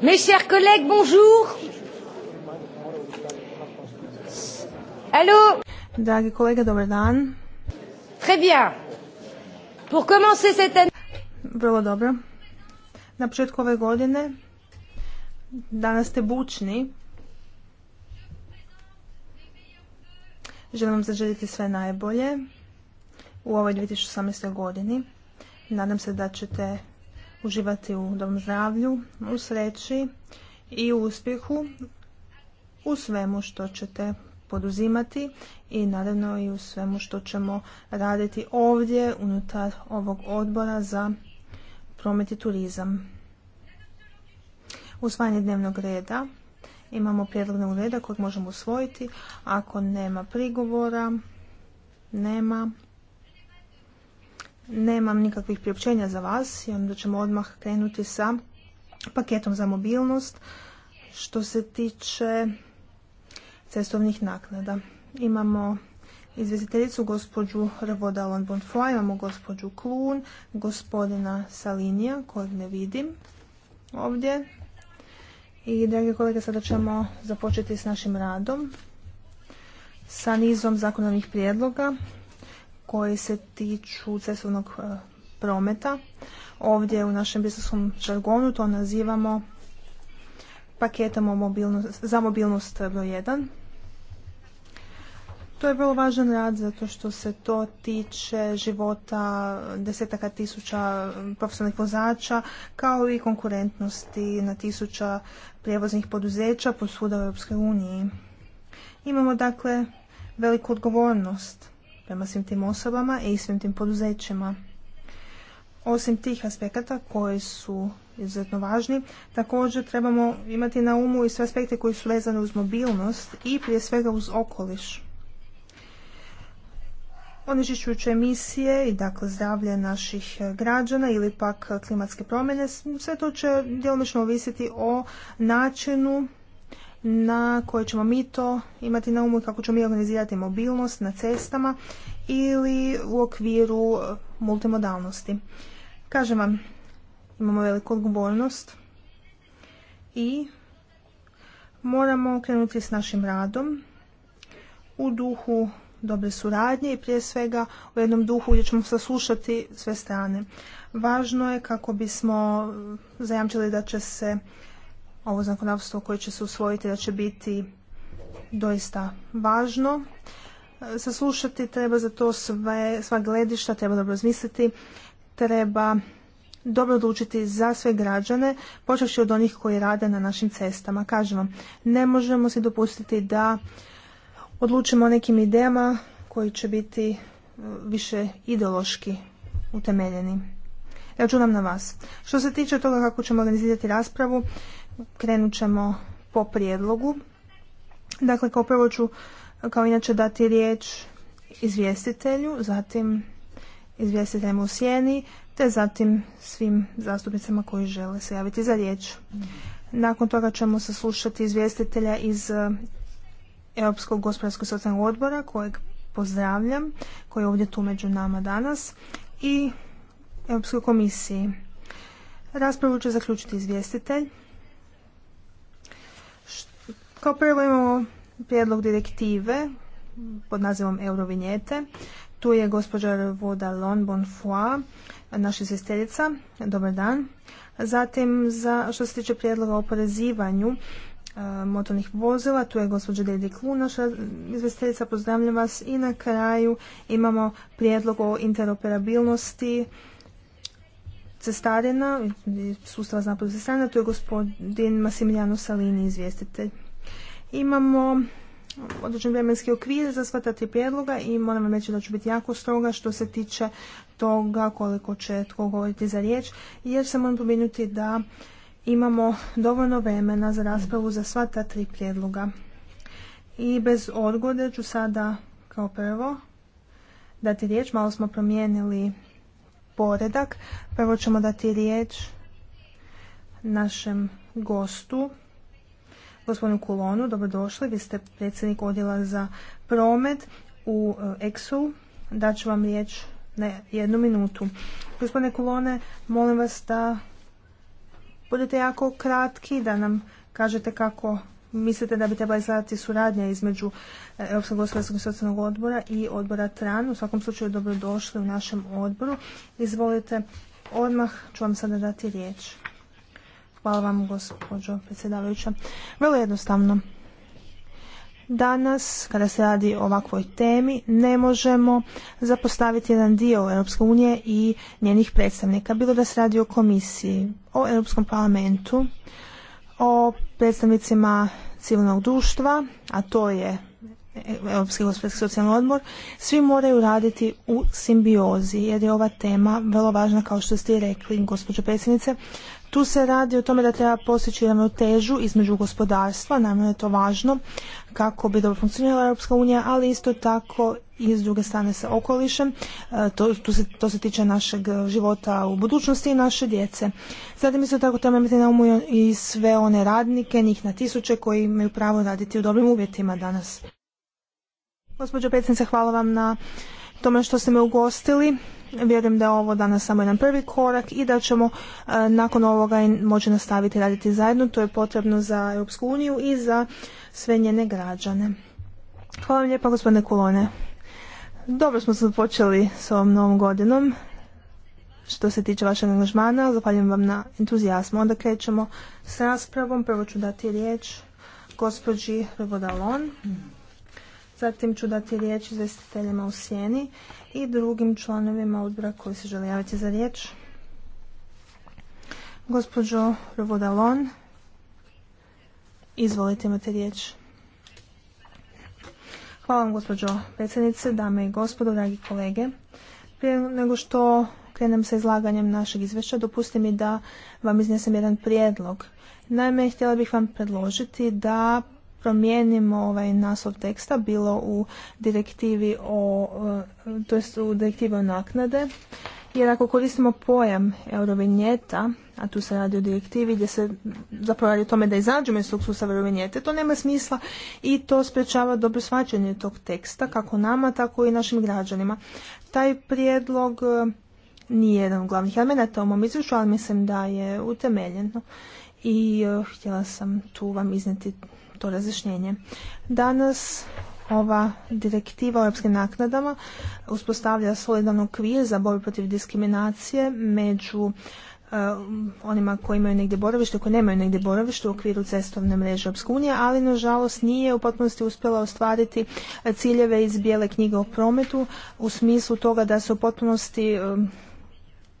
Mes chers collègues, bonjour. Allô Dragi kolega, dobar dan. Très bien. Pour commencer cette année... Vrlo dobro. Na početku ove godine danas ste bučni. Želim vam zaželjeti sve najbolje u ovoj 2018. godini. Nadam se da ćete uživati u dom zdravlju, u sreći i u uspjehu u svemu što ćete poduzimati i naravno i u svemu što ćemo raditi ovdje unutar ovog odbora za promet i turizam. Usvajanje dnevnog reda. Imamo prijedlog dnevnog reda kojeg možemo usvojiti. Ako nema prigovora, nema. Nemam nikakvih priopćenja za vas i onda ćemo odmah krenuti sa paketom za mobilnost što se tiče cestovnih naknada. Imamo izvjestiteljicu gospođu Rvodalon Bonfoy, imamo gospođu Klun, gospodina Salinija kojeg ne vidim ovdje. I dragi kolege, sada ćemo započeti s našim radom sa nizom zakonodavnih prijedloga koji se tiču cestovnog e, prometa. Ovdje u našem biznesnom žargonu to nazivamo paketom za mobilnost broj 1. To je vrlo važan rad zato što se to tiče života desetaka tisuća profesionalnih vozača kao i konkurentnosti na tisuća prijevoznih poduzeća svuda u Europskoj uniji. Imamo dakle veliku odgovornost prema svim tim osobama i svim tim poduzećima. Osim tih aspekata koji su izuzetno važni, također trebamo imati na umu i sve aspekte koji su vezani uz mobilnost i prije svega uz okoliš. Onečišćujuće emisije i dakle zdravlje naših građana ili pak klimatske promjene, sve to će djelomično ovisiti o načinu na koje ćemo mi to imati na umu kako ćemo mi organizirati mobilnost na cestama ili u okviru e, multimodalnosti. Kažem vam, imamo veliku odgovornost i moramo krenuti s našim radom u duhu dobre suradnje i prije svega u jednom duhu gdje ćemo saslušati sve strane. Važno je kako bismo zajamčili da će se ovo zakonodavstvo koje će se usvojiti da će biti doista važno saslušati, treba za to sve, sva gledišta, treba dobro razmisliti, treba dobro odlučiti za sve građane, počevši od onih koji rade na našim cestama. Kažem vam, ne možemo se dopustiti da odlučimo o nekim idejama koji će biti e, više ideološki utemeljeni. Računam na vas. Što se tiče toga kako ćemo organizirati raspravu, krenut ćemo po prijedlogu. Dakle, kao prvo ću kao inače dati riječ izvjestitelju, zatim izvjestiteljem u sjeni, te zatim svim zastupnicama koji žele se javiti za riječ. Nakon toga ćemo saslušati izvjestitelja iz e, Europskog gospodarskog socijalnog odbora, kojeg pozdravljam, koji je ovdje tu među nama danas, i Europskoj komisiji. Raspravu će zaključiti izvjestitelj, kao prvo imamo prijedlog direktive pod nazivom Eurovinjete. Tu je gospođa Voda Lon Bonfoy, naša sesterica. Dobar dan. Zatim, za, što se tiče prijedloga o porezivanju e, motornih vozila, tu je gospođa Dedi Klu, naša izvesteljica, pozdravljam vas. I na kraju imamo prijedlog o interoperabilnosti cestarina, sustava za cestarina, tu je gospodin Massimiliano Salini, izvjestitelj. Imamo određen vremenski okvir za sva ta tri prijedloga i moram vam reći da ću biti jako stroga što se tiče toga koliko će tko govoriti za riječ, jer se moram pominuti da imamo dovoljno vremena za raspravu za sva ta tri prijedloga. I bez odgode ću sada kao prvo dati riječ, malo smo promijenili poredak. Prvo ćemo dati riječ našem gostu gospodinu Kulonu. Dobrodošli, vi ste predsjednik odjela za promet u e, EXU. Daću vam riječ na jednu minutu. Gospodine Kulone, molim vas da budete jako kratki, da nam kažete kako mislite da bi trebala izgledati suradnja između e, Europskog gospodarskog i socijalnog odbora i odbora TRAN. U svakom slučaju dobrodošli u našem odboru. Izvolite, odmah ću vam sada dati riječ. Hvala vam, gospođo predsjedavajuća. Vrlo jednostavno. Danas, kada se radi o ovakvoj temi, ne možemo zapostaviti jedan dio Europske unije i njenih predstavnika. Bilo da se radi o komisiji, o Europskom parlamentu, o predstavnicima civilnog društva, a to je Europski gospodarski socijalni odbor, svi moraju raditi u simbiozi, jer je ova tema vrlo važna, kao što ste i rekli, gospođo predsjednice, tu se radi o tome da treba postići ravnotežu između gospodarstva, nam je to važno kako bi dobro funkcionirala Europska unija, ali isto tako i s druge strane sa okolišem. E, to, se, to se tiče našeg života u budućnosti i naše djece. Zatim isto tako treba imati na umu i sve one radnike, njih na tisuće koji imaju pravo raditi u dobrim uvjetima danas. Gospođo predsjednice, hvala vam na tome što ste me ugostili Vjerujem da je ovo danas samo jedan prvi korak i da ćemo e, nakon ovoga moći nastaviti raditi zajedno. To je potrebno za Europsku uniju i za sve njene građane. Hvala vam lijepa gospodine Kulone. Dobro smo se počeli s ovom novom godinom. Što se tiče vašeg angažmana, zahvaljujem vam na entuzijasmu. Onda krećemo s raspravom. Prvo ću dati riječ gospođi Revodalon. Zatim ću dati riječ izvestiteljima u sjeni i drugim članovima odbora koji se žele javiti za riječ. Gospođo Rovodalon, izvolite imate riječ. Hvala vam gospođo predsjednice, dame i gospodo, dragi kolege. Prije nego što krenem sa izlaganjem našeg izvješća, dopustite mi da vam iznesem jedan prijedlog. Naime, htjela bih vam predložiti da promijenimo ovaj naslov teksta bilo u direktivi o e, to jest u direktivi o naknade jer ako koristimo pojam eurovinjeta, a tu se radi o direktivi gdje se zapravo radi o tome da izađemo iz tog sustava eurovinjete, to nema smisla i to sprečava dobro svačanje tog teksta kako nama tako i našim građanima. Taj prijedlog e, nije jedan od glavnih elemenata u mom izvješću, ali mislim da je utemeljeno i e, htjela sam tu vam iznijeti to razjašnjenje. Danas ova direktiva o europskim naknadama uspostavlja solidan okvir za borbu protiv diskriminacije među eh, onima koji imaju negdje boravište, koji nemaju negdje boravište u okviru cestovne mreže Europske unije, ali nažalost nije u potpunosti uspjela ostvariti ciljeve iz bijele knjige o prometu u smislu toga da se u potpunosti uh,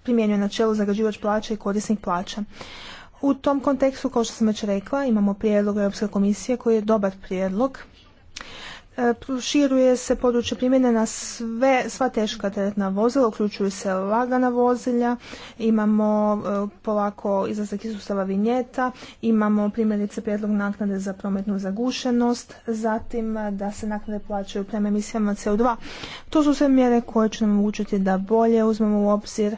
primjenjuje načelo zagađivač plaća i korisnik plaća. U tom kontekstu, kao što sam već rekla, imamo prijedlog Europske komisije koji je dobar prijedlog. E, proširuje se područje primjene na sve, sva teška teretna vozila, uključuju se lagana vozilja, imamo e, polako izlazak iz sustava vinjeta, imamo primjerice prijedlog naknade za prometnu zagušenost, zatim e, da se naknade plaćaju prema emisijama CO2. To su sve mjere koje će nam učiti da bolje uzmemo u obzir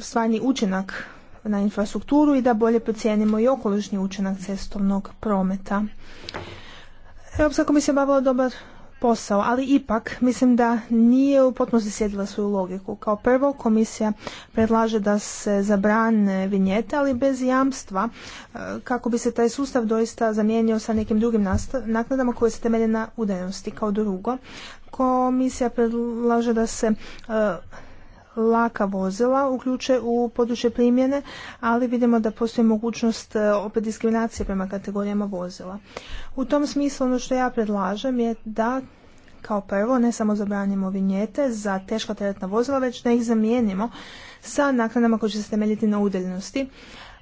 stvarni učinak na infrastrukturu i da bolje procijenimo i okolišni učinak cestovnog prometa. Europska komisija bavila dobar posao, ali ipak mislim da nije u potpunosti sjedila svoju logiku. Kao prvo, komisija predlaže da se zabrane vinjete, ali bez jamstva e, kako bi se taj sustav doista zamijenio sa nekim drugim naknadama koje se temelje na udajnosti. Kao drugo, komisija predlaže da se e, laka vozila uključe u područje primjene, ali vidimo da postoji mogućnost e, opet diskriminacije prema kategorijama vozila. U tom smislu ono što ja predlažem je da kao prvo ne samo zabranimo vinjete za teška teretna vozila, već da ih zamijenimo sa naknadama koje će se temeljiti na udaljenosti.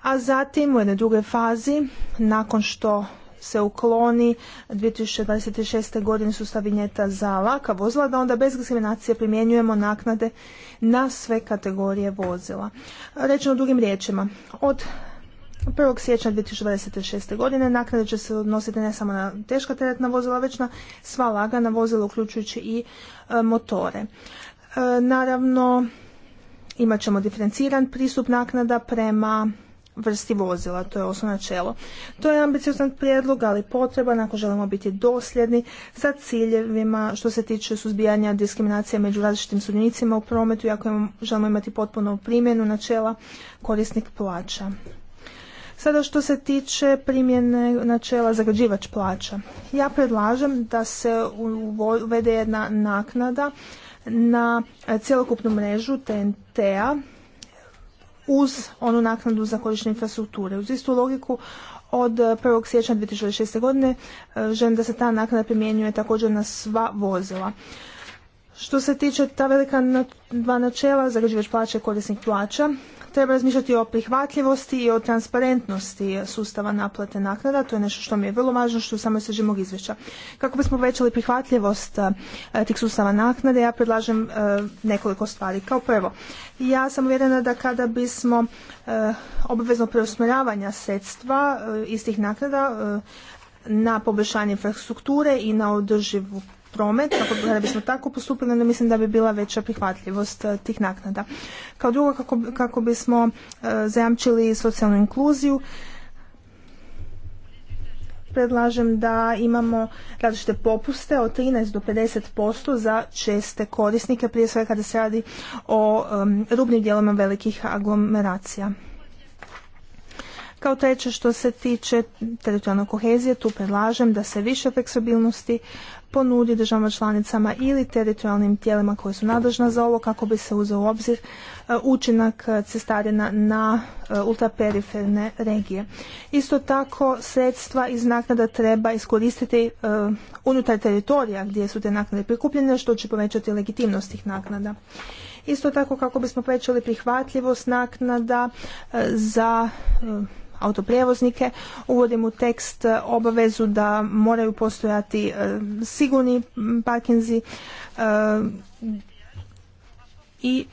A zatim u jednoj drugoj fazi, nakon što se ukloni 2026. godine sustav za laka vozila, da onda bez diskriminacije primjenjujemo naknade na sve kategorije vozila. Rečeno drugim riječima, od 1. siječnja 2026. godine naknade će se odnositi ne samo na teška teretna vozila, već na sva lagana vozila, uključujući i e, motore. E, naravno, imat ćemo diferenciran pristup naknada prema vrsti vozila, to je osnovno načelo. To je ambiciozan prijedlog, ali potreban ako želimo biti dosljedni sa ciljevima što se tiče suzbijanja diskriminacije među različitim sudionicima u prometu i ako želimo imati potpuno primjenu načela korisnik plaća. Sada što se tiče primjene načela zagađivač plaća. Ja predlažem da se uvede jedna naknada na cjelokupnu mrežu TNT-a uz onu naknadu za korištenje infrastrukture. Uz istu logiku od 1. siječnja 2006. godine e, želim da se ta naknada primjenjuje također na sva vozila. Što se tiče ta velika dva načela, zagađivač plaća i korisnik plaća, treba razmišljati o prihvatljivosti i o transparentnosti sustava naplate naknada. To je nešto što mi je vrlo važno što samo se mog izvješća. Kako bismo povećali prihvatljivost e, tih sustava naknade, ja predlažem e, nekoliko stvari. Kao prvo, ja sam uvjerena da kada bismo e, obavezno preusmjeravanja sredstva iz tih naknada na poboljšanje infrastrukture i na održivu promet, kako kada bismo tako postupili, onda mislim da bi bila veća prihvatljivost eh, tih naknada. Kao drugo, kako, kako bismo eh, zajamčili socijalnu inkluziju, predlažem da imamo različite popuste od 13 do 50% za česte korisnike, prije svega kada se radi o rubnim dijelama velikih aglomeracija. Kao treće što se tiče teritorijalne kohezije, tu predlažem da se više fleksibilnosti ponudi državama članicama ili teritorijalnim tijelima koje su nadležna za ovo kako bi se uzeo u obzir e, učinak e, cestarina na e, ultraperiferne regije. Isto tako sredstva iz naknada treba iskoristiti unutar teritorija gdje su te naknade prikupljene što će povećati legitimnost tih naknada. Isto tako kako bismo povećali prihvatljivost naknada za autoprijevoznike, uvodim u tekst e, obavezu da moraju postojati e, sigurni parkinzi e, i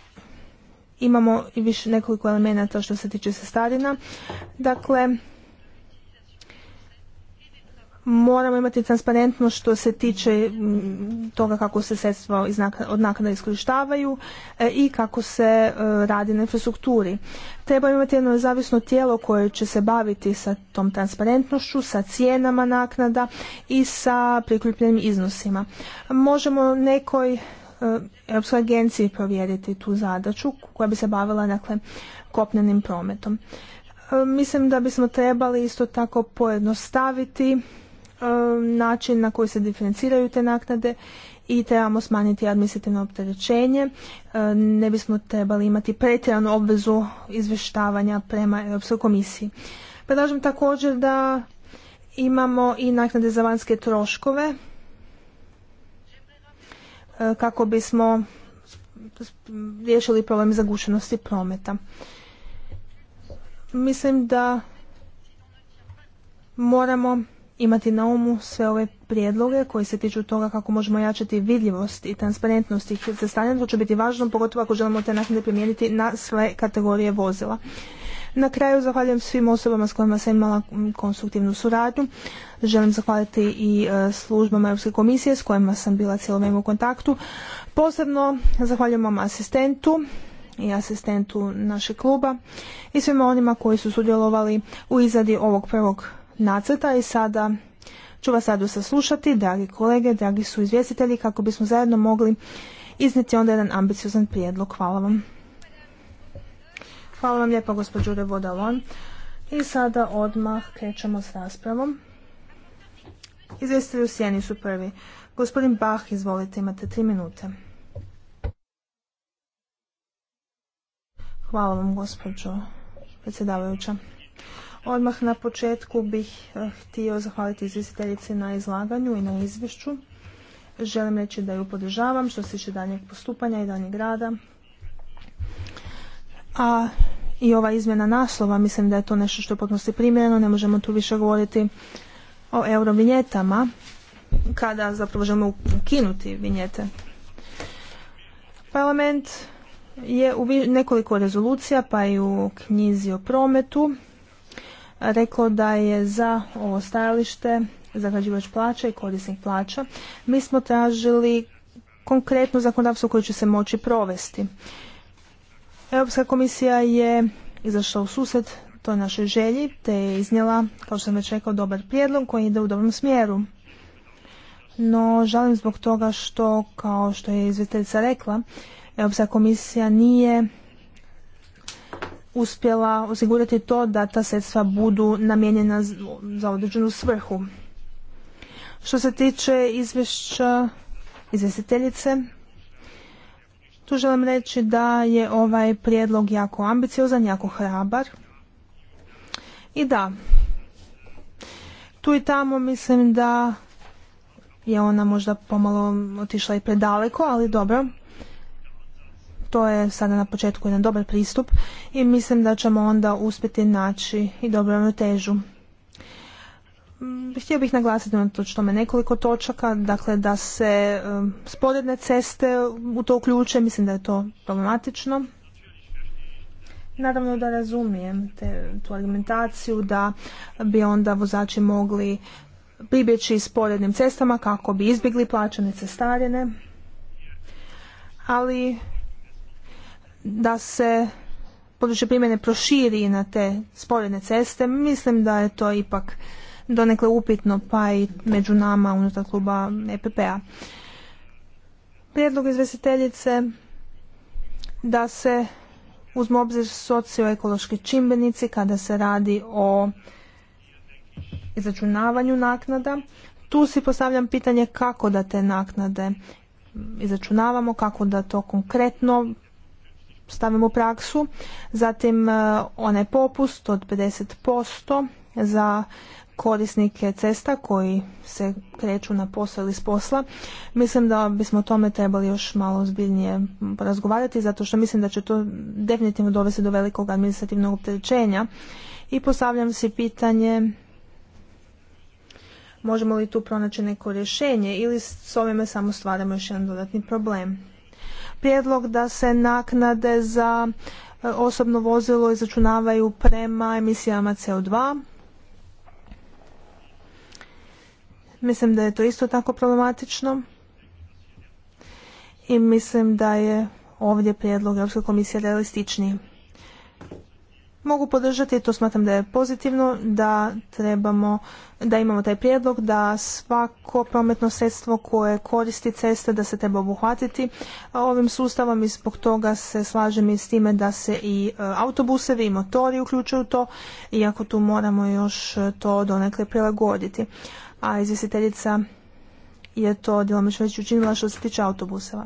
imamo i više nekoliko elemenata što se tiče sestarina. Dakle, moramo imati transparentno što se tiče toga kako se sredstva od naknada iskorištavaju e, i kako se e, radi na infrastrukturi. Treba imati jedno nezavisno tijelo koje će se baviti sa tom transparentnošću, sa cijenama naknada i sa prikupljenim iznosima. Možemo nekoj e, Europskoj agenciji provjeriti tu zadaću koja bi se bavila dakle, kopnenim prometom. Mislim da bismo trebali isto tako pojednostaviti Um, način na koji se diferenciraju te naknade i trebamo smanjiti administrativno opterećenje. Um, ne bismo trebali imati pretjeranu obvezu izvještavanja prema Europskoj komisiji. Predlažem također da imamo i naknade za vanjske troškove uh, kako bismo riješili problem zagušenosti prometa. Mislim da moramo imati na umu sve ove prijedloge koji se tiču toga kako možemo jačati vidljivost i transparentnost tih cestarina. To će biti važno, pogotovo ako želimo te naknade primijeniti na sve kategorije vozila. Na kraju zahvaljujem svim osobama s kojima sam imala konstruktivnu suradnju. Želim zahvaliti i e, službama Europske komisije s kojima sam bila cijelo vrijeme u kontaktu. Posebno zahvaljujem vam asistentu i asistentu našeg kluba i svima onima koji su sudjelovali u izradi ovog prvog nacrta i sada ću vas sada saslušati, dragi kolege, dragi su izvjestitelji, kako bismo zajedno mogli iznijeti onda jedan ambiciozan prijedlog. Hvala vam. Hvala vam lijepo, gospođo Revodalon. I sada odmah krećemo s raspravom. Izvjestitelji u sjeni su prvi. Gospodin Bach, izvolite, imate tri minute. Hvala vam, gospođo predsjedavajuća. Odmah na početku bih eh, htio zahvaliti izvjestiteljici na izlaganju i na izvješću. Želim reći da ju podržavam što se tiče danjeg postupanja i daljnjeg rada. A i ova izmjena naslova, mislim da je to nešto što je potpuno primjereno, ne možemo tu više govoriti o eurovinjetama, kada zapravo želimo ukinuti vinjete. Parlament je u nekoliko rezolucija, pa i u knjizi o prometu, reklo da je za ovo stajalište zagađivač plaća i korisnik plaća. Mi smo tražili konkretno zakonodavstvo koje će se moći provesti. Europska komisija je izašla u susret toj našoj želji te je iznijela, kao što sam već rekao, dobar prijedlog koji ide u dobrom smjeru. No, žalim zbog toga što, kao što je izvjestiteljica rekla, Europska komisija nije uspjela osigurati to da ta sredstva budu namijenjena za određenu svrhu. Što se tiče izvješća izvjestiteljice, tu želim reći da je ovaj prijedlog jako ambiciozan, jako hrabar. I da, tu i tamo mislim da je ona možda pomalo otišla i predaleko, ali dobro. To je sada na početku jedan dobar pristup i mislim da ćemo onda uspjeti naći i dobru težu. Mm, htio bih naglasiti na tome nekoliko točaka, dakle da se sporedne ceste u to uključe, mislim da je to problematično. Naravno da razumijem te, tu argumentaciju da bi onda vozači mogli pribjeći sporednim cestama kako bi izbjegli plaćane cestarine, ali da se područje primjene proširi na te sporedne ceste, mislim da je to ipak donekle upitno pa i među nama unutar kluba EPP-a. Prijedlog izvjestiteljice da se uzme obzir socioekološki čimbenici kada se radi o izračunavanju naknada. Tu si postavljam pitanje kako da te naknade izračunavamo, kako da to konkretno stavimo u praksu. Zatim e, onaj popust od 50% za korisnike cesta koji se kreću na posao ili s posla. Mislim da bismo o tome trebali još malo ozbiljnije razgovarati zato što mislim da će to definitivno dovesti do velikog administrativnog opterećenja i postavljam si pitanje možemo li tu pronaći neko rješenje ili s ovime samo stvaramo još jedan dodatni problem prijedlog da se naknade za e, osobno vozilo izračunavaju prema emisijama CO2. Mislim da je to isto tako problematično i mislim da je ovdje prijedlog Europske komisije realističniji mogu podržati, to smatram da je pozitivno, da trebamo, da imamo taj prijedlog da svako prometno sredstvo koje koristi ceste da se treba obuhvatiti ovim sustavom i zbog toga se slažem i s time da se i e, autobusevi i motori uključuju to, iako tu moramo još to donekle prilagoditi. A izvjestiteljica je to djelomično već učinila što se tiče autobuseva.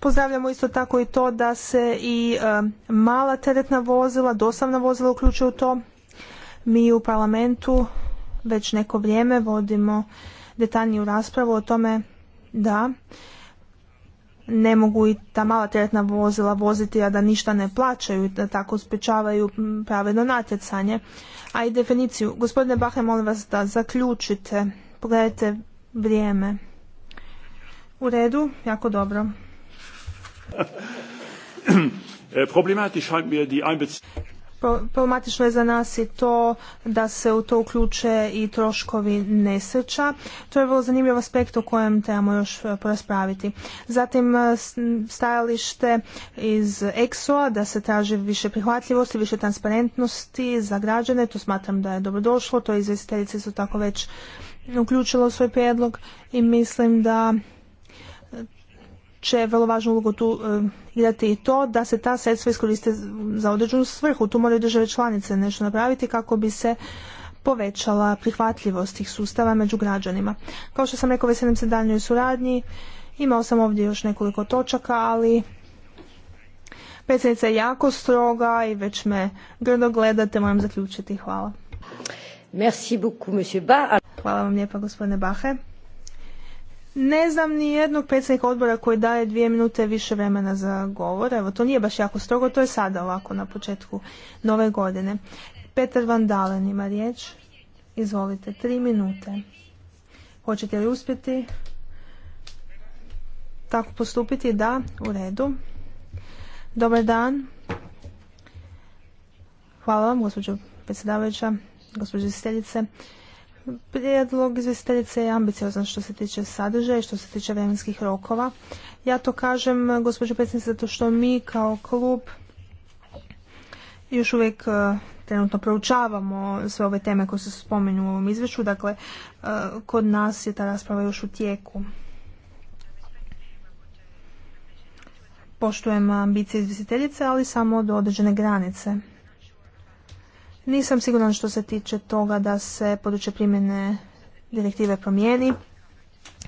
Pozdravljamo isto tako i to da se i e, mala teretna vozila, dostavna vozila uključuju u to. Mi u parlamentu već neko vrijeme vodimo detaljniju raspravu o tome da ne mogu i ta mala teretna vozila voziti, a da ništa ne plaćaju, da tako sprječavaju pravedno natjecanje. A i definiciju. Gospodine Bahe, molim vas da zaključite. Pogledajte vrijeme. U redu, jako dobro. E, problematično je za nas i to da se u to uključe i troškovi nesreća. To je vrlo zanimljiv aspekt o kojem trebamo još e, poraspraviti. Zatim e, stajalište iz EXO-a da se traži više prihvatljivosti, više transparentnosti za građane. To smatram da je dobrodošlo. To je izvjestiteljice su tako već uključilo u svoj prijedlog i mislim da će vrlo važnu ulogu tu e, igrati i to da se ta sredstva iskoriste za određenu svrhu. Tu moraju države članice nešto napraviti kako bi se povećala prihvatljivost tih sustava među građanima. Kao što sam rekao, veselim se daljnjoj suradnji. Imao sam ovdje još nekoliko točaka, ali predsjednica je jako stroga i već me grdo gledate, moram zaključiti. Hvala. Hvala vam lijepa, gospodine Bahe. Ne znam ni jednog predsjednika odbora koji daje dvije minute više vremena za govor. Evo, to nije baš jako strogo, to je sada ovako na početku nove godine. Petar Van Dalen ima riječ. Izvolite, tri minute. Hoćete li uspjeti tako postupiti? Da, u redu. Dobar dan. Hvala vam, gospođo predsjedavajuća, gospođo steljice. Prijedlog izvjestiteljice je ambiciozan što se tiče sadržaja i što se tiče vremenskih rokova. Ja to kažem, gospođo predsjednice, zato što mi kao klub još uvijek e, trenutno proučavamo sve ove teme koje se spominju u ovom izvješću, dakle e, kod nas je ta rasprava još u tijeku. Poštujem ambicije izvjestiteljice, ali samo do određene granice. Nisam sigurna što se tiče toga da se područje primjene direktive promijeni,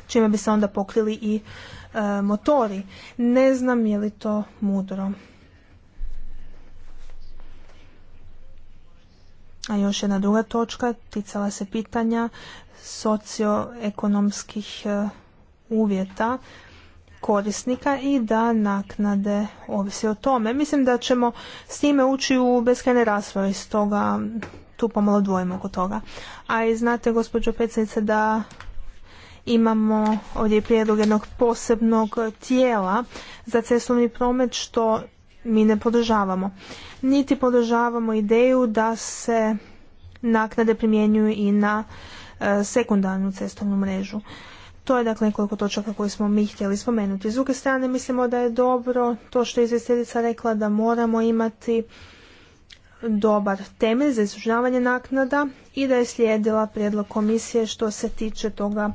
čime bi se onda pokrili i e, motori. Ne znam je li to mudro. A još jedna druga točka ticala se pitanja socioekonomskih e, uvjeta korisnika i da naknade ovisi o tome. Mislim da ćemo s time ući u beskrajne rasprave, stoga tu pomalo dvojimo oko toga. A i znate, gospođo predsjednice, da imamo ovdje prijedlog jednog posebnog tijela za cestovni promet što mi ne podržavamo. Niti podržavamo ideju da se naknade primjenjuju i na e, sekundarnu cestovnu mrežu. To je dakle nekoliko točaka koje smo mi htjeli spomenuti. S druge strane mislimo da je dobro to što je izvjestiteljica rekla da moramo imati dobar temelj za izražavanje naknada i da je slijedila prijedlog komisije što se tiče toga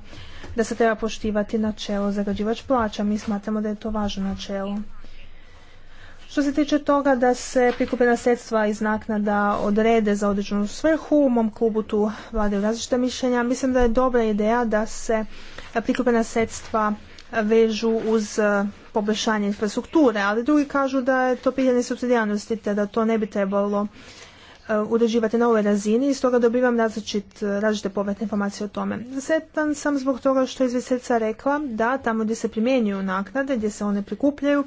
da se treba poštivati načelo zagađivač plaća. Mi smatramo da je to važno načelo. Što se tiče toga da se prikupljena sredstva iz naknada odrede za određenu svrhu, u mom klubu tu vladaju različita mišljenja. Mislim da je dobra ideja da se prikupljena sredstva vežu uz e, poboljšanje infrastrukture, ali drugi kažu da je to pitanje subsidijalnosti te da to ne bi trebalo e, uređivati na ovoj razini i stoga dobivam e, različite povratne informacije o tome. Sretan sam zbog toga što je rekla da tamo gdje se primjenjuju naknade, gdje se one prikupljaju,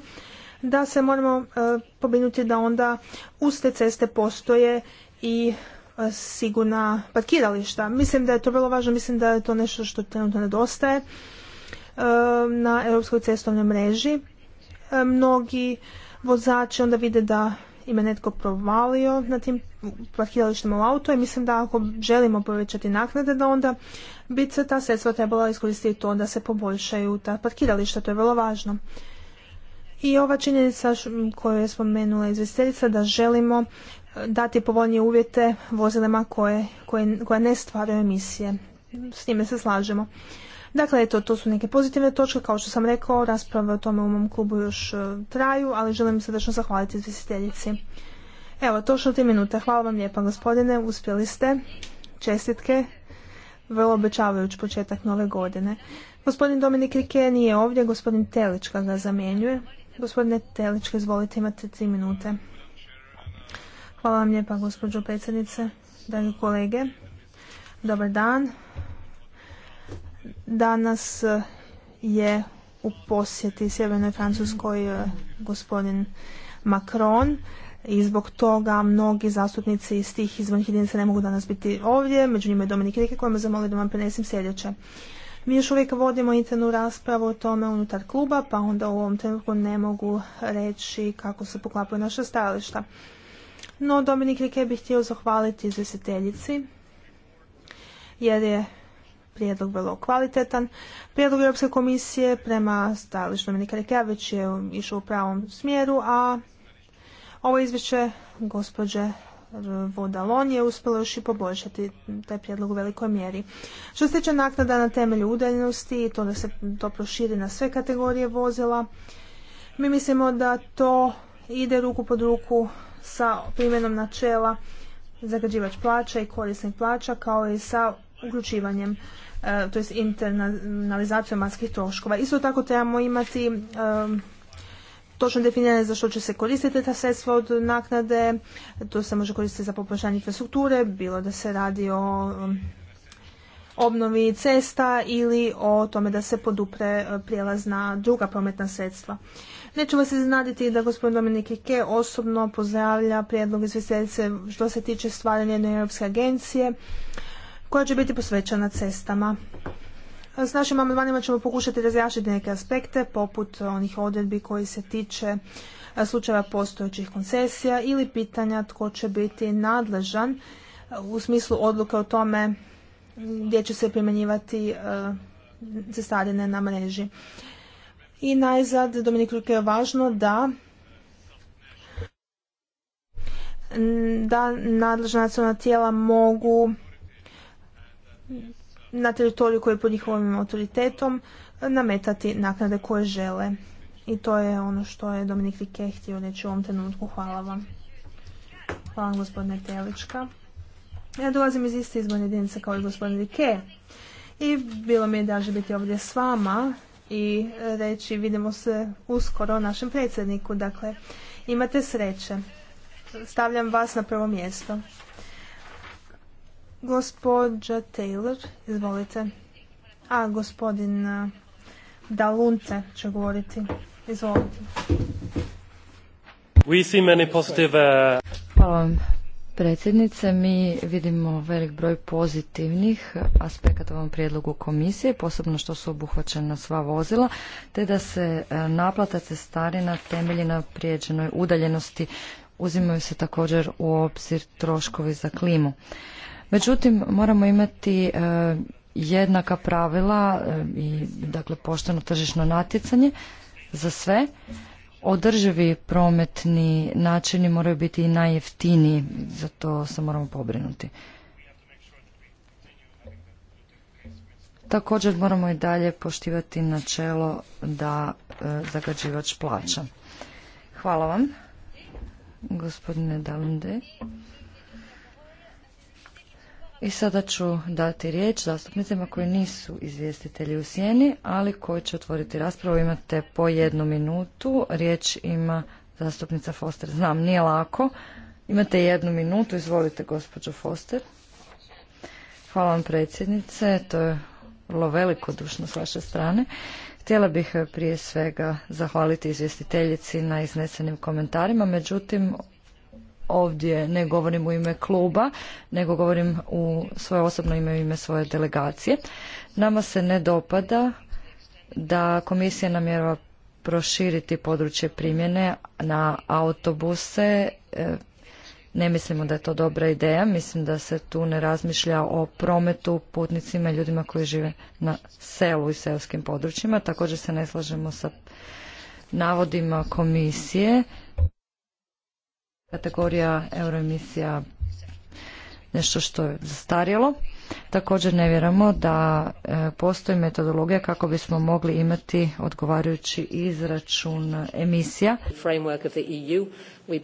da se moramo e, pobrinuti da onda uz te ceste postoje i e, sigurna parkirališta. Mislim da je to vrlo važno, mislim da je to nešto što trenutno nedostaje e, na europskoj cestovnoj mreži. Mnogi vozači onda vide da ima netko provalio na tim parkiralištima u auto i mislim da ako želimo povećati naknade da onda bi se ta sredstva trebala iskoristiti to da se poboljšaju ta parkirališta, to je vrlo važno. I ova činjenica koju je spomenula izvjestiteljica da želimo e, dati povoljnije uvjete vozilima koje, koje, ne stvaraju emisije. S njime se slažemo. Dakle, eto, to su neke pozitivne točke. Kao što sam rekao, rasprave o tome u mom klubu još e, traju, ali želim srdečno zahvaliti izvjestiteljici. Evo, točno ti minute. Hvala vam lijepa, gospodine. Uspjeli ste. Čestitke. Vrlo obećavajuć početak nove godine. Gospodin Dominik Rike nije ovdje, gospodin Telička ga zamjenjuje. Gospodine Telić, izvolite, imate tri minute. Hvala vam lijepa, gospođo predsjednice, dragi kolege. Dobar dan. Danas eh, je u posjeti Sjevernoj Francuskoj eh, gospodin Macron i zbog toga mnogi zastupnici iz tih izvanjih jedinica ne mogu danas biti ovdje. Među njima je Dominik Rike me zamolio da vam prenesem sljedeće. Mi još uvijek vodimo internu raspravu o tome unutar kluba, pa onda u ovom trenutku ne mogu reći kako se poklapaju naše stajališta. No, Dominik Rike bih htio zahvaliti izvjestiteljici, jer je prijedlog vrlo kvalitetan. Prijedlog Europske komisije prema stajalištu Dominika Rikea već je išao u pravom smjeru, a ovo izvješće gospođe Vodalon je uspjelo još i poboljšati taj prijedlog u velikoj mjeri. Što se tiče naknada na temelju udaljenosti i to da se to proširi na sve kategorije vozila, mi mislimo da to ide ruku pod ruku sa primjenom načela zagađivač plaća i korisnik plaća kao i sa uključivanjem e, to jest internalizacijom vanjskih troškova. Isto tako trebamo imati e, točno definirane za što će se koristiti ta sredstva od naknade. To se može koristiti za poboljšanje infrastrukture, bilo da se radi o um, obnovi cesta ili o tome da se podupre uh, prijelaz na druga prometna sredstva. Neću vas iznaditi da gospodin Dominik Ike osobno pozdravlja prijedlog izvjestiteljice što se tiče stvaranja jedne europske agencije koja će biti posvećena cestama. S našim amandmanima ćemo pokušati razjašiti neke aspekte, poput onih odredbi koji se tiče e, slučajeva postojećih koncesija ili pitanja tko će biti nadležan e, u smislu odluke o tome gdje će se primjenjivati e, cestarine na mreži. I najzad, Dominik Ruke je važno da da nadležna nacionalna tijela mogu na teritoriju koji je pod njihovim autoritetom eh, nametati naknade koje žele. I to je ono što je Dominik Rike htio reći u ovom trenutku. Hvala vam. Hvala vam gospodine Telička. Ja dolazim iz iste izborne jedinice kao i gospodin Rike. I bilo mi je daže biti ovdje s vama i reći vidimo se uskoro našem predsjedniku. Dakle, imate sreće. Stavljam vas na prvo mjesto. Gospođa Taylor, izvolite. A, gospodin e, Dalunce će govoriti. Izvolite. E, Hvala vam, predsjednice. Mi vidimo velik broj pozitivnih aspekata u ovom prijedlogu komisije, posebno što su obuhvaćena sva vozila, te da se e, naplata cestarina temelji na prijeđenoj udaljenosti. Uzimaju se također u obzir troškovi za klimu. Međutim, moramo imati e, jednaka pravila e, i dakle pošteno tržišno natjecanje za sve. Održivi prometni načini moraju biti i najjeftiniji, zato se moramo pobrinuti. Također moramo i dalje poštivati načelo da e, zagađivač plaća. Hvala vam, gospodine Dalunde. I sada ću dati riječ zastupnicima koji nisu izvjestitelji u sjeni, ali koji će otvoriti raspravu. Imate po jednu minutu. Riječ ima zastupnica Foster. Znam, nije lako. Imate jednu minutu. Izvolite, gospođo Foster. Hvala vam, predsjednice. To je vrlo veliko dušno s vaše strane. Htjela bih eh, prije svega zahvaliti izvjestiteljici na iznesenim komentarima, međutim ovdje ne govorim u ime kluba, nego govorim u svoje osobno ime u ime svoje delegacije. Nama se ne dopada da komisija namjerava proširiti područje primjene na autobuse. E, ne mislimo da je to dobra ideja, mislim da se tu ne razmišlja o prometu putnicima i ljudima koji žive na selu i selskim područjima. Također se ne slažemo sa navodima komisije kategorija euroemisija nešto što je zastarjelo. Također ne vjeramo da e, postoji metodologija kako bismo mogli imati odgovarajući izračun emisija. E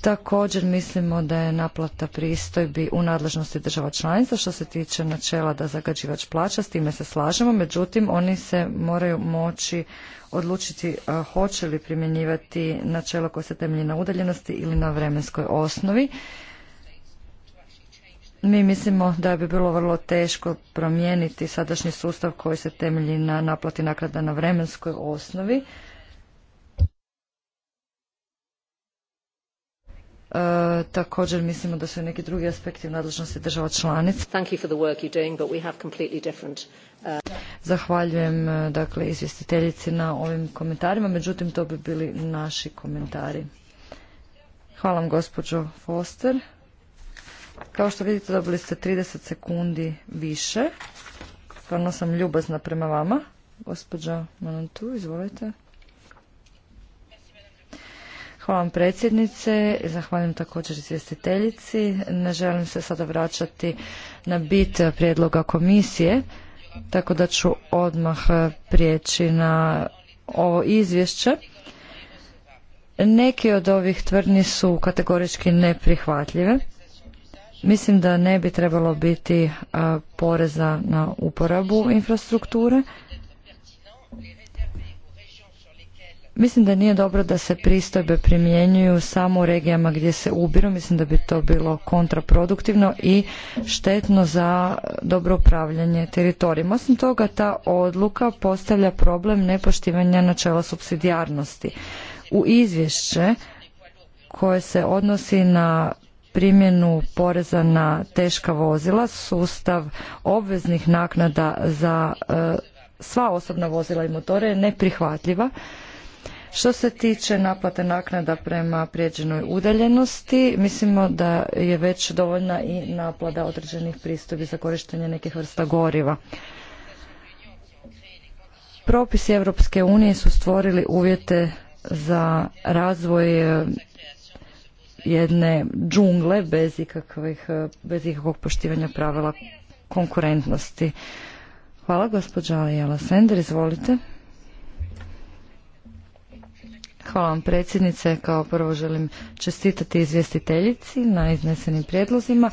Također mislimo da je naplata pristojbi u nadležnosti država članica što se tiče načela da zagađivač plaća, s time se slažemo, međutim oni se moraju moći odlučiti e, hoće li primjenjivati načelo koje se temelji na udaljenosti ili na vremenskoj osnovi. Mi mislimo da bi bilo vrlo teško promijeniti sadašnji sustav koji se temelji na naplati naknada na vremenskoj osnovi E, također mislimo da su i neki drugi aspekti u nadležnosti država članica. Uh, Zahvaljujem e, dakle izvjestiteljici na ovim komentarima, međutim to bi bili naši komentari. Hvala vam gospođo Foster. Kao što vidite dobili ste 30 sekundi više. Stvarno sam ljubazna prema vama. Gospođa Manantu, izvolite. Hvala vam predsjednice, zahvaljujem također izvjestiteljici. Ne želim se sada vraćati na bit prijedloga komisije, tako da ću odmah prijeći na ovo izvješće. Neki od ovih tvrdnji su kategorički neprihvatljive. Mislim da ne bi trebalo biti poreza na uporabu infrastrukture, Mislim da nije dobro da se pristojbe primjenjuju samo u regijama gdje se ubiru, mislim da bi to bilo kontraproduktivno i štetno za dobro upravljanje teritorijima. Osim toga, ta odluka postavlja problem nepoštivanja načela subsidijarnosti. U izvješće koje se odnosi na primjenu poreza na teška vozila, sustav obveznih naknada za e, sva osobna vozila i motore je neprihvatljiva što se tiče naplate naknada prema prijeđenoj udaljenosti, mislimo da je već dovoljna i naplada određenih pristupi za korištenje nekih vrsta goriva. Propisi Europske unije su stvorili uvjete za razvoj eh, jedne džungle bez ikakvih, eh, bez ikakvog poštivanja pravila konkurentnosti. Hvala gospođa Jela Sender, izvolite. Hvala vam predsjednice. Kao prvo želim čestitati izvjestiteljici na iznesenim prijedlozima.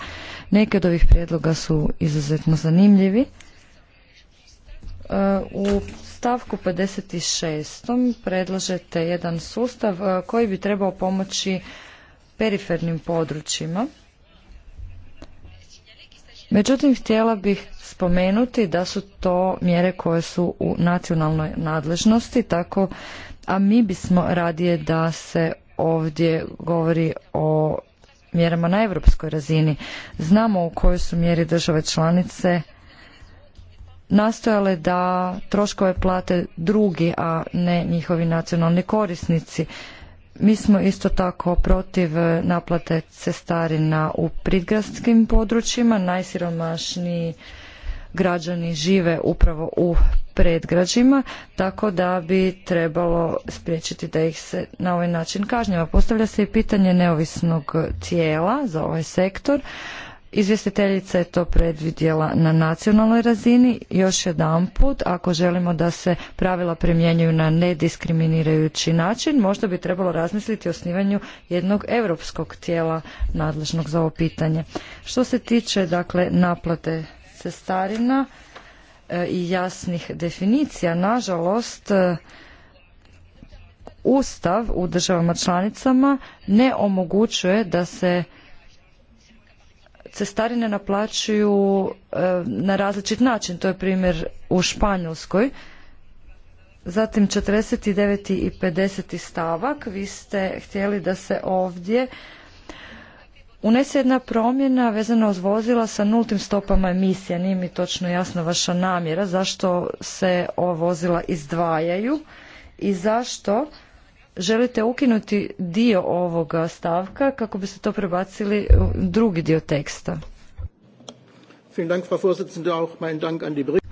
Neki od ovih prijedloga su izuzetno zanimljivi. E, u stavku 56. predlažete jedan sustav e, koji bi trebao pomoći perifernim područjima. Međutim, htjela bih spomenuti da su to mjere koje su u nacionalnoj nadležnosti, tako a mi bismo radije da se ovdje govori o mjerama na europskoj razini. Znamo u kojoj su mjeri države članice nastojale da troškove plate drugi, a ne njihovi nacionalni korisnici. Mi smo isto tako protiv naplate cestarina u pridgradskim područjima. Najsiromašniji građani žive upravo u predgrađima, tako da bi trebalo spriječiti da ih se na ovaj način kažnjava. Postavlja se i pitanje neovisnog tijela za ovaj sektor. Izvjestiteljica je to predvidjela na nacionalnoj razini. Još jedan put, ako želimo da se pravila primjenjuju na nediskriminirajući način, možda bi trebalo razmisliti o osnivanju jednog europskog tijela nadležnog za ovo pitanje. Što se tiče dakle naplate cestarina e, i jasnih definicija. Nažalost, e, Ustav u državama članicama ne omogućuje da se cestarine naplaćuju e, na različit način. To je primjer u Španjolskoj. Zatim 49. i 50. stavak. Vi ste htjeli da se ovdje unese jedna promjena vezana uz vozila sa nultim stopama emisija. Nije mi točno jasna vaša namjera zašto se ova vozila izdvajaju i zašto želite ukinuti dio ovoga stavka kako biste to prebacili u drugi dio teksta.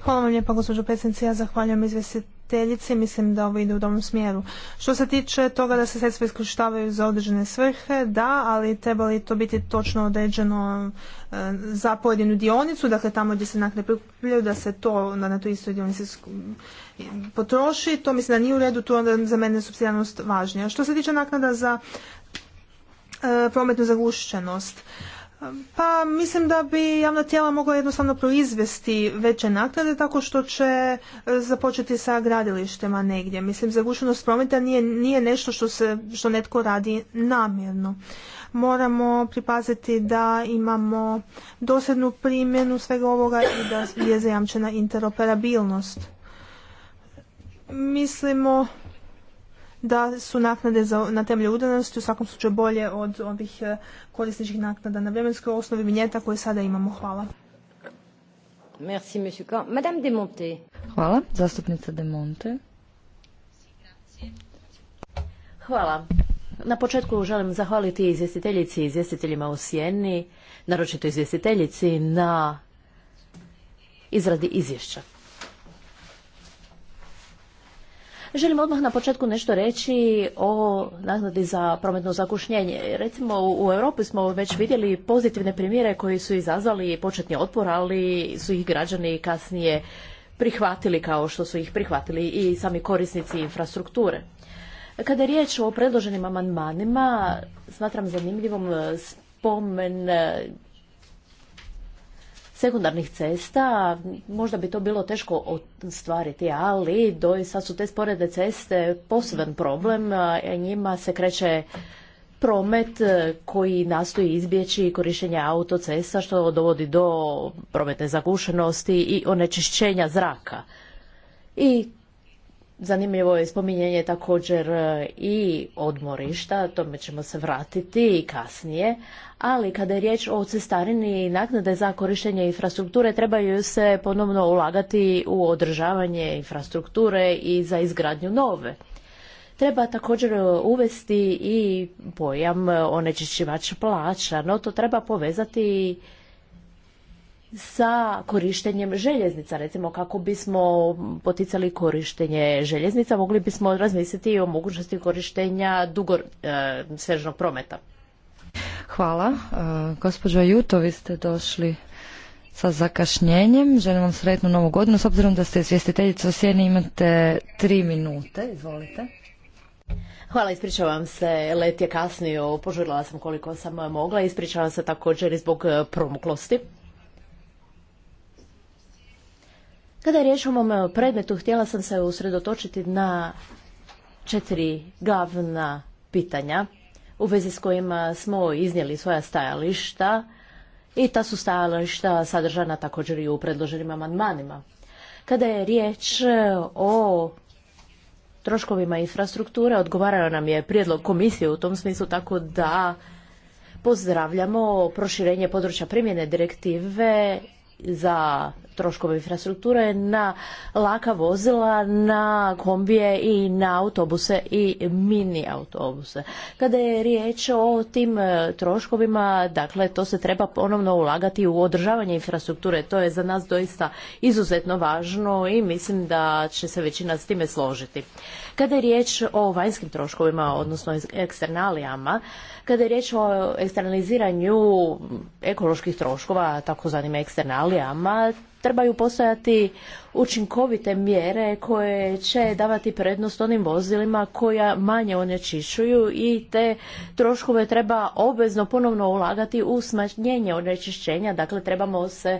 Hvala vam lijepa, gospođo predsjednice. Ja zahvaljujem izvjestiteljici. Mislim da ovo ide u dobrom smjeru. Što se tiče toga da se sredstva iskorištavaju za određene svrhe, da, ali treba li to biti točno određeno e, za pojedinu dionicu, dakle tamo gdje se naknade prikupljaju, da se to na, na toj istoj dionici potroši, to mislim da nije u redu, tu onda za mene je važnija. Što se tiče naknada za e, prometnu zagušćenost, pa mislim da bi javna tijela mogla jednostavno proizvesti veće naknade tako što će e, započeti sa gradilištima negdje. Mislim, zagušenost prometa nije, nije nešto što, se, što netko radi namjerno. Moramo pripaziti da imamo dosljednu primjenu svega ovoga i da je zajamčena interoperabilnost. Mislimo da su naknade na temelju udanosti u svakom slučaju bolje od ovih eh, korisničkih naknada na vremenskoj osnovi vinjeta koje sada imamo. Hvala. Hvala, zastupnica de Hvala. Na početku želim zahvaliti izvjestiteljici i izvjestiteljima u Sjeni, naročito izvjestiteljici, na izradi izvješća. Želim odmah na početku nešto reći o naknadi za prometno zakušnjenje. Recimo u Europi smo već vidjeli pozitivne primjere koji su izazvali početni otpor, ali su ih građani kasnije prihvatili kao što su ih prihvatili i sami korisnici infrastrukture. Kada je riječ o predloženim amandmanima, smatram zanimljivom spomen sekundarnih cesta. Možda bi to bilo teško ostvariti, ali doista su te sporede ceste poseban problem. Njima se kreće promet koji nastoji izbjeći korištenje autocesta što dovodi do prometne zagušenosti i onečišćenja zraka. I Zanimljivo je spominjanje također e, i odmorišta, tome ćemo se vratiti i kasnije, ali kada je riječ o cestarini i naknade za korištenje infrastrukture trebaju se ponovno ulagati u održavanje infrastrukture i za izgradnju nove. Treba također e, uvesti i pojam onečišćivač plaća, no to treba povezati sa korištenjem željeznica, recimo kako bismo poticali korištenje željeznica, mogli bismo razmisliti i o mogućnosti korištenja dugosežnog e, prometa. Hvala. E, gospođo Juto, vi ste došli sa zakašnjenjem. Želim vam sretnu novu godinu. S obzirom da ste izvjestiteljica u Sjeni, imate tri minute. Izvolite. Hvala, ispričavam se, let je kasnio, požurila sam koliko sam mogla, ispričavam se također i zbog promuklosti. Kada je riječ o mom e, predmetu, htjela sam se usredotočiti na četiri glavna pitanja u vezi s kojima smo iznijeli svoja stajališta i ta su stajališta sadržana također i u predloženim amandmanima. Kada je riječ e, o troškovima infrastrukture, odgovarao nam je prijedlog komisije u tom smislu tako da pozdravljamo proširenje područja primjene direktive za troškove infrastrukture na laka vozila, na kombije i na autobuse i mini autobuse. Kada je riječ o tim e, troškovima, dakle to se treba ponovno ulagati u održavanje infrastrukture. To je za nas doista izuzetno važno i mislim da će se većina s time složiti. Kada je riječ o vanjskim troškovima, odnosno eksternalijama, kada je riječ o eksternaliziranju ekoloških troškova, takozvanim eksternalijama, trebaju postojati učinkovite mjere koje će davati prednost onim vozilima koja manje onečišćuju i te troškove treba obvezno ponovno ulagati u smanjenje onečišćenja. Dakle, trebamo se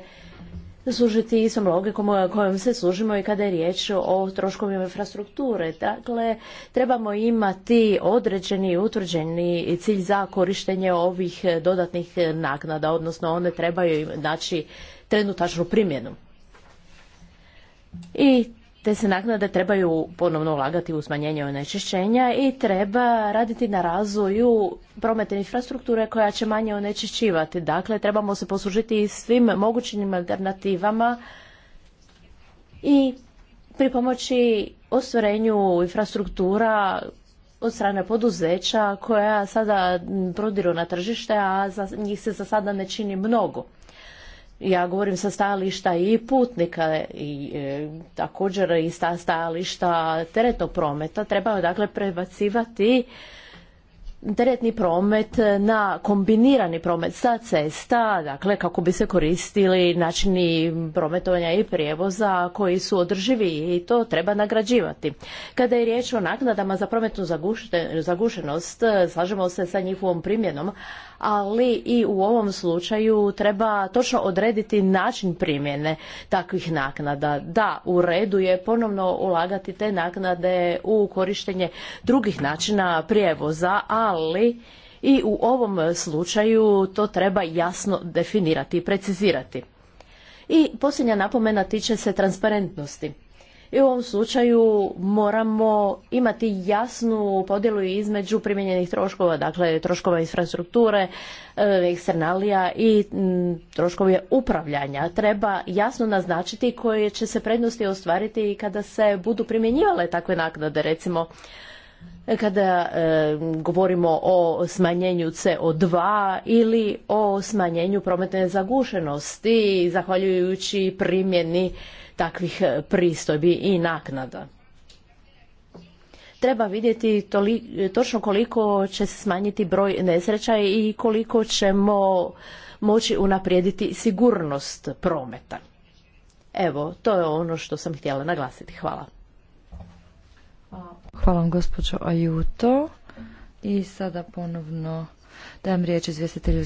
služiti istom logikom kojom se služimo i kada je riječ o troškovima infrastrukture. Dakle, trebamo imati određeni i utvrđeni cilj za korištenje ovih dodatnih naknada, odnosno one trebaju znači trenutačnu primjenu. I te se naknade trebaju ponovno ulagati u smanjenje onečišćenja i treba raditi na razvoju prometne infrastrukture koja će manje onečišćivati. Dakle, trebamo se poslužiti svim mogućim alternativama i pripomoći ostvarenju infrastruktura od strane poduzeća koja sada prodiru na tržište, a za njih se za sada ne čini mnogo. Ja govorim sa stajališta i putnika i e, također i sa stajališta teretnog prometa. Treba dakle prebacivati teretni promet na kombinirani promet sa cesta, dakle kako bi se koristili načini prometovanja i prijevoza koji su održivi i to treba nagrađivati. Kada je riječ o naknadama za prometnu zagušenost, slažemo se sa njihovom primjenom, ali i u ovom slučaju treba točno odrediti način primjene takvih naknada. Da, u redu je ponovno ulagati te naknade u korištenje drugih načina prijevoza, ali i u ovom slučaju to treba jasno definirati i precizirati. I posljednja napomena tiče se transparentnosti i u ovom slučaju moramo imati jasnu podjelu između primijenjenih troškova, dakle troškova infrastrukture, eh, eksternalija i mm, troškovi upravljanja. Treba jasno naznačiti koje će se prednosti ostvariti kada se budu primjenjivale takve naknade, recimo kada e, govorimo o smanjenju CO2 ili o smanjenju prometne zagušenosti zahvaljujući primjeni takvih pristojbi i naknada. Treba vidjeti točno koliko će se smanjiti broj nesreća i koliko ćemo moći unaprijediti sigurnost prometa. Evo, to je ono što sam htjela naglasiti. Hvala. Hvala vam gospođo Ajuto. I sada ponovno dajem riječ izvjestitelju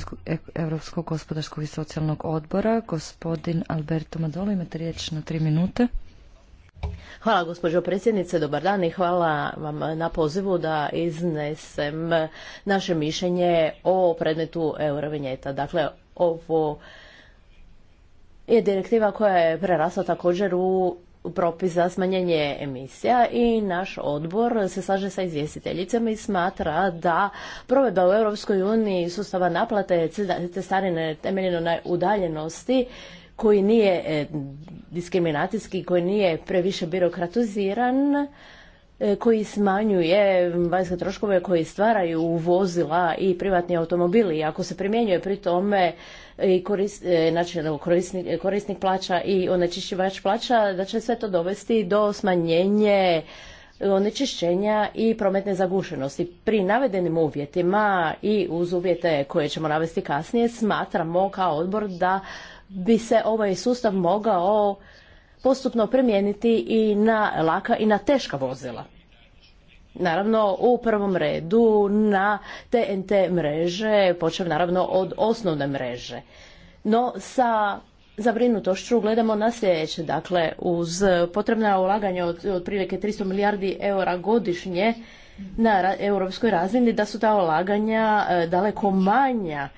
Europskog gospodarskog i socijalnog odbora, gospodin Alberto Madolo. Imate riječ na tri minute. Hvala gospođo predsjednice, dobar dan i hvala vam na pozivu da iznesem naše mišljenje o predmetu Eurovinjeta. Dakle, ovo je direktiva koja je prerasla također u propis za smanjenje emisija i naš odbor se slaže sa izvjestiteljicama i smatra da provedba u Europskoj uniji sustava naplate cestarine temeljeno na udaljenosti koji nije e, diskriminacijski, koji nije previše birokratiziran, E, koji smanjuje vanjske troškove koji stvaraju vozila i privatni automobili. Ako se primjenjuje pri tome i e, znači, korisnik, korisnik plaća i onečišćivač plaća, da će sve to dovesti do smanjenje onečišćenja i prometne zagušenosti. Pri navedenim uvjetima i uz uvjete koje ćemo navesti kasnije smatramo kao odbor da bi se ovaj sustav mogao postupno primijeniti i na laka i na teška vozila. Naravno, u prvom redu na TNT mreže, počev naravno od osnovne mreže. No, sa zabrinutošću gledamo na sljedeće. Dakle, uz potrebna ulaganja od otprilike 300 milijardi eura godišnje na europskoj razini, da su ta ulaganja e, daleko manja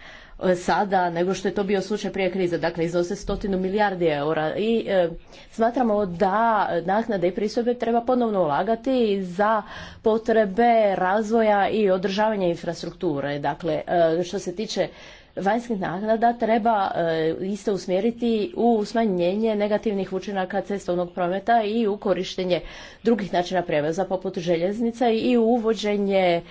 sada nego što je to bio slučaj prije krize. Dakle, iznose stotinu milijardi eura i e, smatramo da naknade i pristojbe treba ponovno ulagati za potrebe razvoja i održavanja infrastrukture. Dakle, e, što se tiče vanjskih naknada treba e, isto usmjeriti u smanjenje negativnih učinaka cestovnog prometa i u korištenje drugih načina prijevoza poput željeznica i u uvođenje e,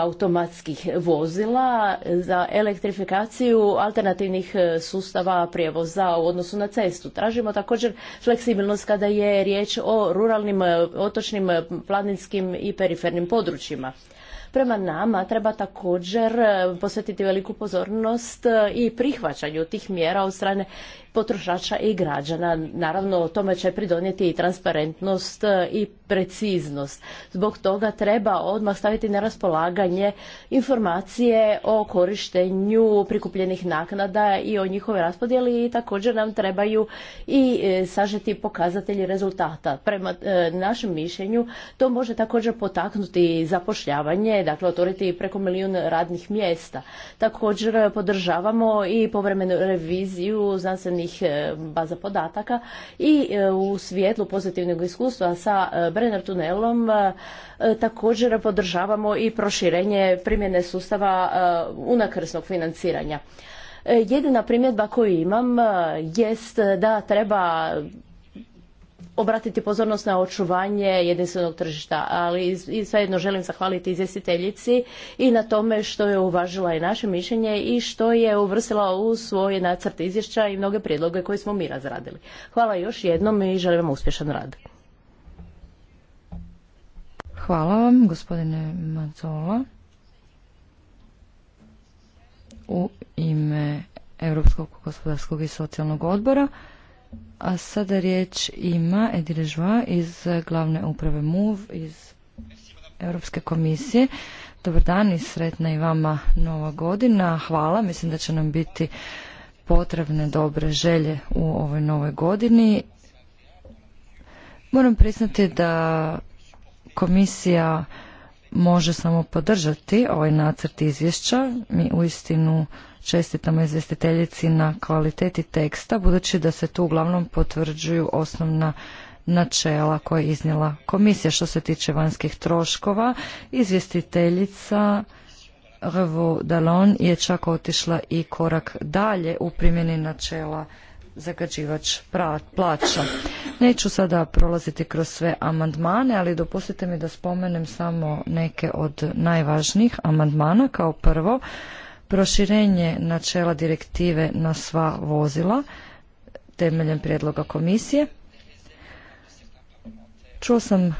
automatskih vozila za elektrifikaciju alternativnih e, sustava prijevoza u odnosu na cestu. Tražimo također fleksibilnost kada je riječ o ruralnim, otočnim, planinskim i perifernim područjima prema nama treba također eh, posvetiti veliku pozornost eh, i prihvaćanju tih mjera od strane potrošača i građana. Naravno, tome će pridonijeti i transparentnost e, i preciznost. Zbog toga treba odmah staviti na raspolaganje informacije o korištenju prikupljenih naknada i o njihovoj raspodjeli i također nam trebaju i e, sažeti pokazatelji rezultata. Prema e, našem mišljenju to može također potaknuti zapošljavanje, dakle otvoriti preko milijun radnih mjesta. Također podržavamo i povremenu reviziju znanstvenih određenih e, baza podataka i e, u svijetlu pozitivnog iskustva sa e, Brenner tunelom također podržavamo i proširenje primjene sustava unakrsnog financiranja. Jedina primjedba koju imam jest da treba obratiti pozornost na očuvanje jedinstvenog tržišta, ali i svejedno želim zahvaliti izvjestiteljici i na tome što je uvažila i naše mišljenje i što je uvrstila u svoje nacrt izvješća i mnoge prijedloge koje smo mi razradili. Hvala još jednom i želim vam uspješan rad. Hvala vam, gospodine U ime Europskog gospodarskog i socijalnog odbora a sada riječ ima Edi iz glavne uprave MUV iz Europske komisije. Dobar dan i sretna i vama nova godina. Hvala, mislim da će nam biti potrebne dobre želje u ovoj novoj godini. Moram priznati da komisija može samo podržati ovaj nacrt izvješća. Mi u istinu Čestitamo izvjestiteljici na kvaliteti teksta, budući da se tu uglavnom potvrđuju osnovna načela koje je iznijela komisija što se tiče vanjskih troškova. Izvjestiteljica Revo Dalon je čak otišla i korak dalje u primjeni načela zagađivač plaća. Neću sada prolaziti kroz sve amandmane, ali dopustite mi da spomenem samo neke od najvažnijih amandmana. Kao prvo, proširenje načela direktive na sva vozila temeljem prijedloga komisije. Čuo sam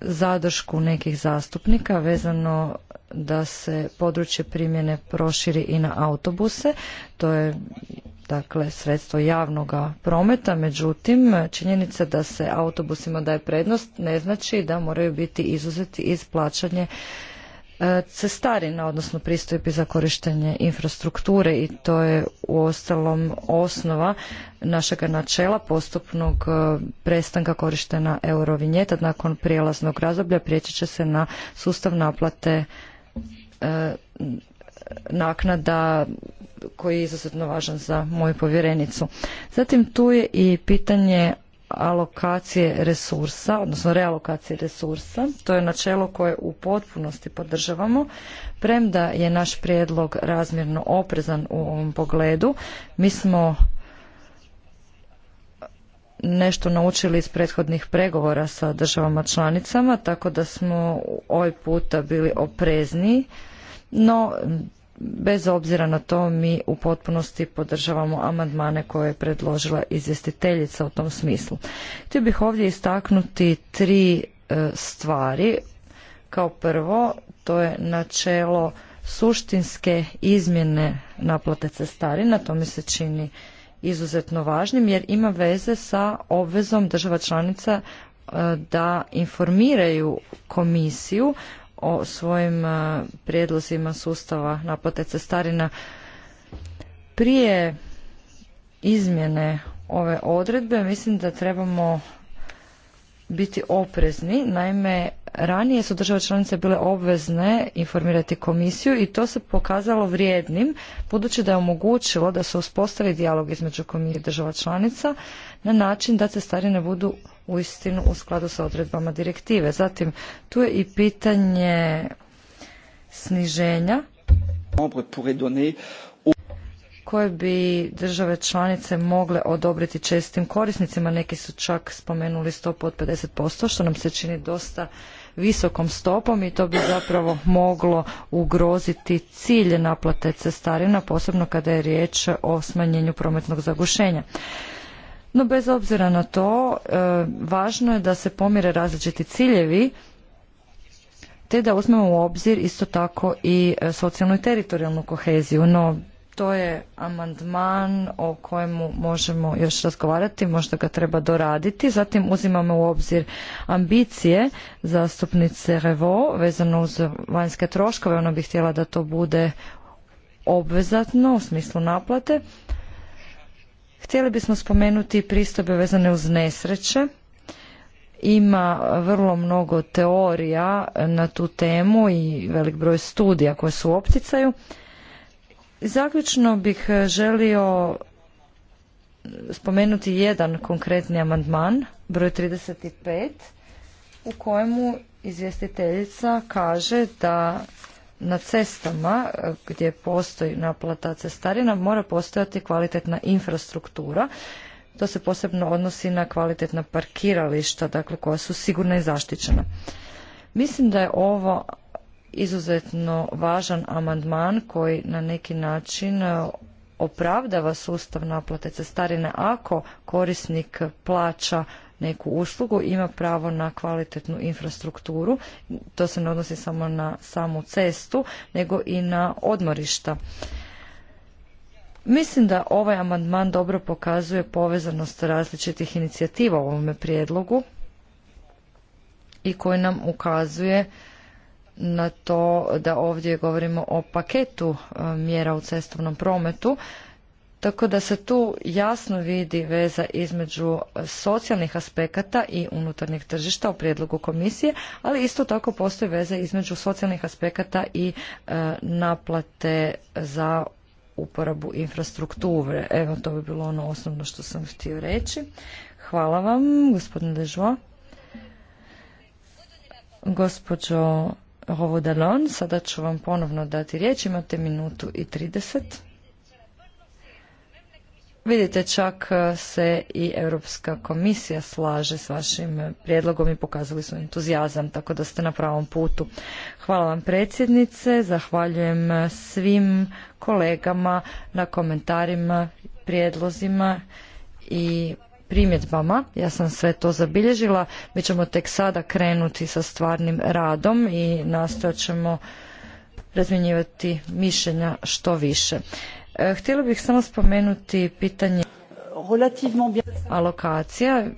zadršku nekih zastupnika vezano da se područje primjene proširi i na autobuse. To je dakle sredstvo javnog prometa, međutim činjenica da se autobusima daje prednost ne znači da moraju biti izuzeti iz plaćanja E, cestarina, odnosno pristupi za korištenje infrastrukture i to je u ostalom osnova našega načela postupnog e, prestanka korištena eurovinjeta nakon prijelaznog razdoblja prijeći će se na sustav naplate e, naknada koji je izuzetno važan za moju povjerenicu. Zatim tu je i pitanje alokacije resursa, odnosno realokacije resursa. To je načelo koje u potpunosti podržavamo. Premda je naš prijedlog razmjerno oprezan u ovom pogledu, mi smo nešto naučili iz prethodnih pregovora sa državama članicama, tako da smo ovaj puta bili oprezniji, no bez obzira na to mi u potpunosti podržavamo amandmane koje je predložila izvjestiteljica u tom smislu. Htio bih ovdje istaknuti tri e, stvari. Kao prvo, to je načelo suštinske izmjene naplate cestarina, to mi se čini izuzetno važnim jer ima veze sa obvezom država članica e, da informiraju komisiju o svojim prijedlozima sustava naplate cestarina. Prije izmjene ove odredbe mislim da trebamo biti oprezni. Naime, Ranije su države članice bile obvezne informirati komisiju i to se pokazalo vrijednim budući da je omogućilo da se uspostavi dijalog između komisije i država članica na način da cestarine budu uistinu u skladu sa odredbama direktive. Zatim tu je i pitanje sniženja koje bi države članice mogle odobriti čestim korisnicima. Neki su čak spomenuli stopu od 50%, što nam se čini dosta visokom stopom i to bi zapravo moglo ugroziti cilj naplate cestarina, posebno kada je riječ o smanjenju prometnog zagušenja. No bez obzira na to, e, važno je da se pomire različiti ciljevi te da uzmemo u obzir isto tako i e, socijalnu i teritorijalnu koheziju. No, to je amandman o kojemu možemo još razgovarati, možda ga treba doraditi. Zatim uzimamo u obzir ambicije zastupnice Revo vezano uz vanjske troškove. Ona bi htjela da to bude obvezatno u smislu naplate. Htjeli bismo spomenuti pristobe vezane uz nesreće. Ima vrlo mnogo teorija na tu temu i velik broj studija koje su u opticaju. Zaključno bih e, želio spomenuti jedan konkretni amandman, broj 35, u kojemu izvjestiteljica kaže da na cestama e, gdje postoji naplata cestarina mora postojati kvalitetna infrastruktura. To se posebno odnosi na kvalitetna parkirališta, dakle koja su sigurna i zaštićena. Mislim da je ovo izuzetno važan amandman koji na neki način e, opravdava sustav naplate cestarine ako korisnik plaća neku uslugu ima pravo na kvalitetnu infrastrukturu to se ne odnosi samo na samu cestu nego i na odmorišta Mislim da ovaj amandman dobro pokazuje povezanost različitih inicijativa u ovome prijedlogu i koji nam ukazuje na to da ovdje govorimo o paketu e, mjera u cestovnom prometu, tako da se tu jasno vidi veza između socijalnih aspekata i unutarnjeg tržišta u prijedlogu komisije, ali isto tako postoji veza između socijalnih aspekata i e, naplate za uporabu infrastrukture. Evo, to bi bilo ono osnovno što sam htio reći. Hvala vam, gospodine Dežva. Rovodalon, Sada ću vam ponovno dati riječ. Imate minutu i 30. Vidite, čak e, se i Europska komisija slaže s vašim prijedlogom i pokazali su entuzijazam, tako da ste na pravom putu. Hvala vam predsjednice, zahvaljujem e, svim kolegama na komentarima, prijedlozima i primjedbama. Ja sam sve to zabilježila. Mi ćemo tek sada krenuti sa stvarnim radom i nastojat ćemo razmjenjivati mišljenja što više. E, htjela bih samo spomenuti pitanje alokacija. E,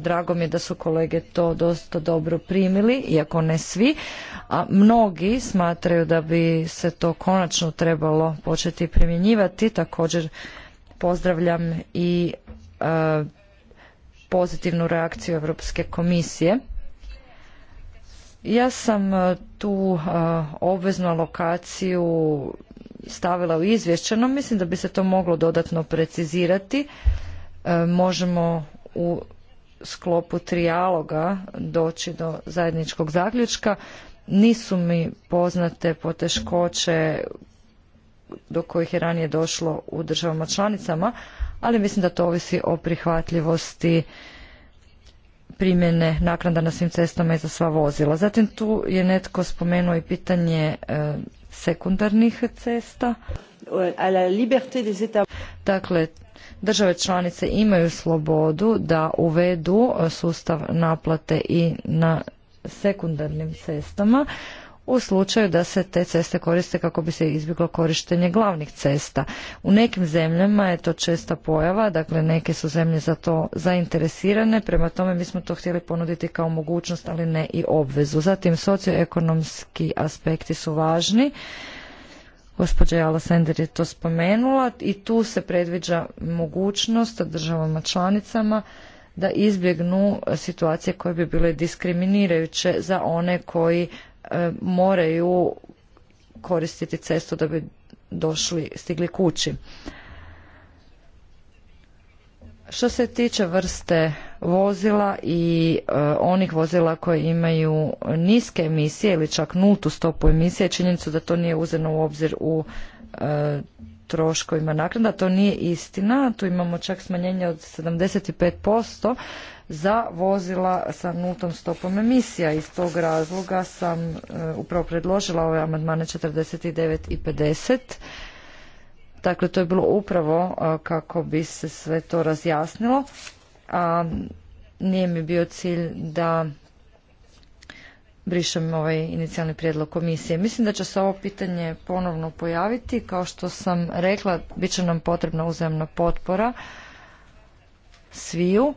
drago mi je da su kolege to dosta dobro primili, iako ne svi, a mnogi smatraju da bi se to konačno trebalo početi primjenjivati. Također pozdravljam i e, pozitivnu reakciju Europske komisije. Ja sam e, tu e, obveznu alokaciju stavila u izvješće, no mislim da bi se to moglo dodatno precizirati. E, možemo u sklopu trijaloga doći do zajedničkog zaključka. Nisu mi poznate poteškoće do kojih je ranije došlo u državama članicama, ali mislim da to ovisi o prihvatljivosti primjene naknada na svim cestama i za sva vozila. Zatim tu je netko spomenuo i pitanje e, sekundarnih cesta. Dakle, države članice imaju slobodu da uvedu sustav naplate i na sekundarnim cestama u slučaju da se te ceste koriste kako bi se izbjeglo korištenje glavnih cesta. U nekim zemljama je to česta pojava, dakle neke su zemlje za to zainteresirane, prema tome mi smo to htjeli ponuditi kao mogućnost, ali ne i obvezu. Zatim socioekonomski aspekti su važni. Gospođa Jala Sender je to spomenula i tu se predviđa mogućnost državama članicama da izbjegnu situacije koje bi bile diskriminirajuće za one koji E, moraju koristiti cestu da bi došli, stigli kući. Što se tiče vrste vozila i e, onih vozila koje imaju niske emisije ili čak nultu stopu emisije, činjenicu da to nije uzeno u obzir u e, troškovima naknada, to nije istina, tu imamo čak smanjenje od 75%, za vozila sa nultom stopom emisija. Iz tog razloga sam e, upravo predložila ove amandmane 49 i 50. Dakle, to je bilo upravo e, kako bi se sve to razjasnilo. A nije mi bio cilj da brišem ovaj inicijalni prijedlog komisije. Mislim da će se ovo pitanje ponovno pojaviti. Kao što sam rekla, bit će nam potrebna uzemna potpora sviju.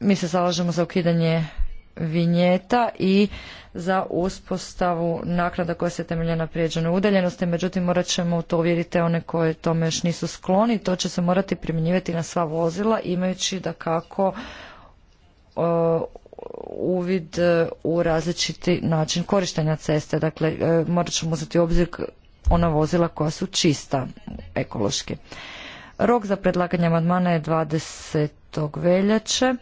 mi se zalažemo za ukidanje vinjeta i za uspostavu naknada koja se temelje na prijeđenoj udaljenosti, međutim morat ćemo u to uvjeriti one koje tome još nisu skloni, to će se morati primjenjivati na sva vozila imajući da kako e, uvid e, u različiti način korištenja ceste, dakle e, morat ćemo uzeti u obzir ona vozila koja su čista ekološki. Rok za predlaganje amandmana je 20. veljače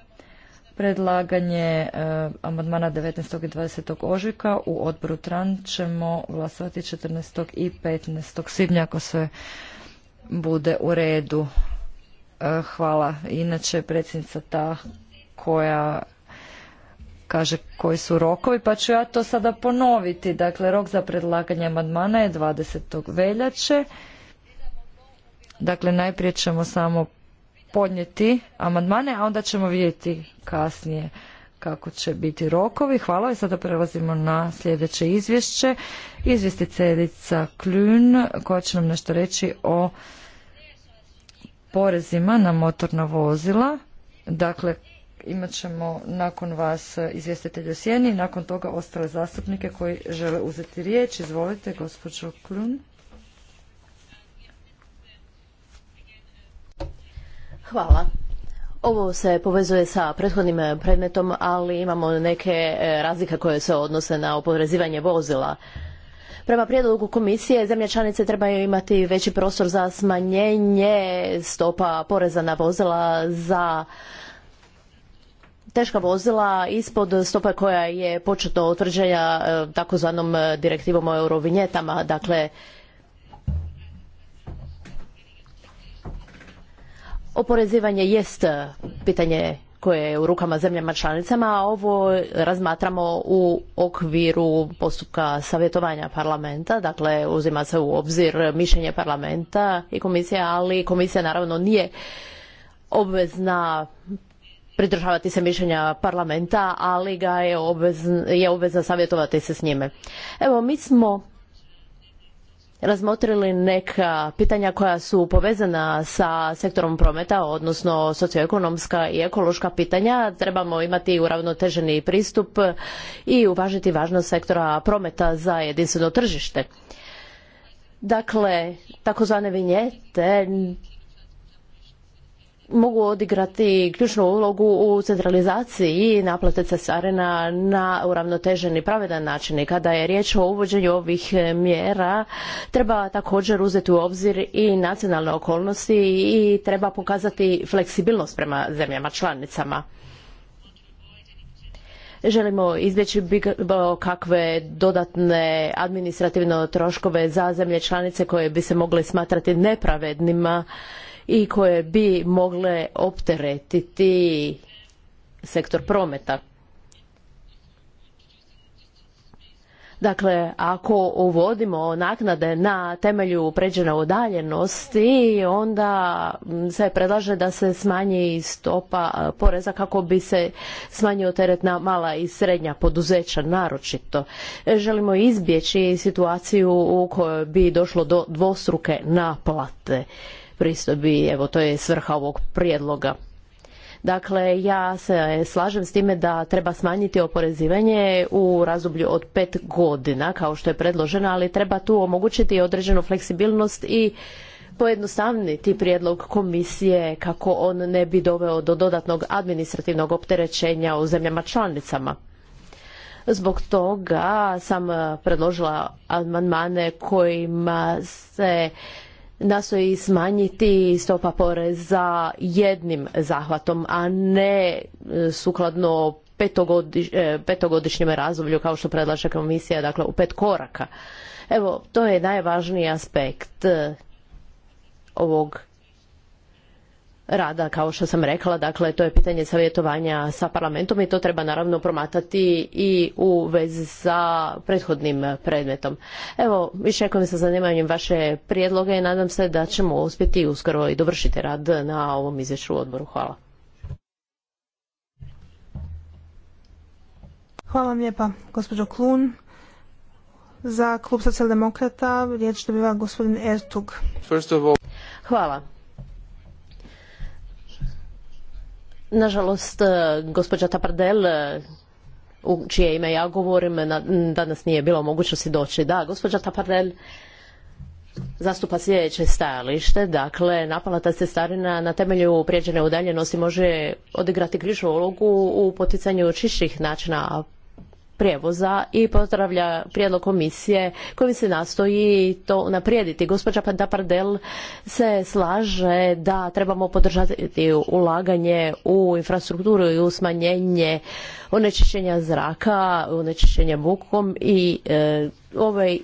predlaganje e, amandmana 19. i 20. ožujka. U odboru TRAN ćemo glasovati 14. i 15. svibnja ako sve bude u redu. E, hvala. Inače predsjednica ta koja kaže koji su rokovi, pa ću ja to sada ponoviti. Dakle, rok za predlaganje amandmana je 20. veljače. Dakle, najprije ćemo samo podnijeti amandmane, a onda ćemo vidjeti kasnije kako će biti rokovi. Hvala i sada prelazimo na sljedeće izvješće. Izvjestiteljica Kljun koja će nam nešto reći o porezima na motorna vozila. Dakle, imat ćemo nakon vas izvjestitelj o i nakon toga ostale zastupnike koji žele uzeti riječ. Izvolite, gospođo Kljun. Hvala. Ovo se povezuje sa prethodnim eh, predmetom, ali imamo neke eh, razlike koje se odnose na oporezivanje vozila. Prema prijedlogu komisije zemlje članice trebaju imati veći prostor za smanjenje stopa poreza na vozila za teška vozila ispod stope koja je početno utvrđena eh, takozvanom direktivom o eurovinjetama. Dakle, Oporezivanje jest e, pitanje koje je u rukama zemljama članicama, a ovo razmatramo u okviru postupka savjetovanja parlamenta, dakle uzima se u obzir mišljenje parlamenta i komisije, ali komisija naravno nije obvezna pridržavati se mišljenja parlamenta, ali ga je obvezna, je obvezna savjetovati se s njime. Evo, mi smo razmotrili neka pitanja koja su povezana sa sektorom prometa, odnosno socioekonomska i ekološka pitanja. Trebamo imati uravnoteženi pristup i uvažiti važnost sektora prometa za jedinstveno tržište. Dakle, takozvane vinjete mogu odigrati ključnu ulogu u centralizaciji i naplate cesarina na i pravedan način. I kada je riječ o uvođenju ovih mjera, treba također uzeti u obzir i nacionalne okolnosti i treba pokazati fleksibilnost prema zemljama članicama želimo izbjeći bilo kakve dodatne administrativno troškove za zemlje članice koje bi se mogle smatrati nepravednima i koje bi mogle opteretiti sektor prometa. Dakle, ako uvodimo naknade na temelju pređene udaljenosti, onda se predlaže da se smanji stopa poreza kako bi se smanjio teret na mala i srednja poduzeća naročito. Želimo izbjeći situaciju u kojoj bi došlo do dvostruke naplate pristojbi. Evo, to je svrha ovog prijedloga. Dakle, ja se slažem s time da treba smanjiti oporezivanje u razdoblju od pet godina, kao što je predloženo, ali treba tu omogućiti određenu fleksibilnost i pojednostavniti prijedlog komisije kako on ne bi doveo do dodatnog administrativnog opterećenja u zemljama članicama. Zbog toga sam predložila amandmane kojima se nastoji smanjiti stopa poreza jednim zahvatom, a ne e, sukladno e, petogodišnjem razdoblju kao što predlaže komisija, dakle u pet koraka. Evo, to je najvažniji aspekt e, ovog rada, kao što sam rekla, dakle to je pitanje savjetovanja sa parlamentom i to treba naravno promatati i u vezi sa prethodnim predmetom. Evo, išekujem sa zanimanjem vaše prijedloge i nadam se da ćemo uspjeti uskoro i dovršiti rad na ovom izvješću odboru. Hvala. Hvala lijepa, gospođo Klun. Za klub socijaldemokrata riječ dobiva gospodin Ertug. Hvala. Nažalost, e, gospođa Tapardel, e, u čije ime ja govorim, danas nije bilo mogućnosti doći. Da, gospođa Tapardel zastupa sljedeće stajalište, dakle naplata cestarina na temelju prijeđene udaljenosti može odigrati ključnu ulogu u poticanju čišćih načina prijevoza i pozdravlja prijedlog komisije kojim se nastoji to unaprijediti. Gospođa Pantapardel se slaže da trebamo podržati ulaganje u infrastrukturu i u smanjenje onečišćenja zraka, onečišćenja bukom i e, ovaj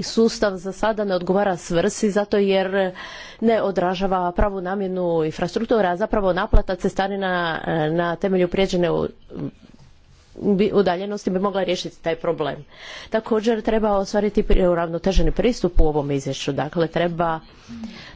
sustav za sada ne odgovara svrsi zato jer ne odražava pravu namjenu infrastruktura, a zapravo naplata cestarina e, na temelju prijeđene udaljenosti bi mogla riješiti taj problem. Također treba ostvariti uravnoteženi pristup u ovom izvješću. Dakle, treba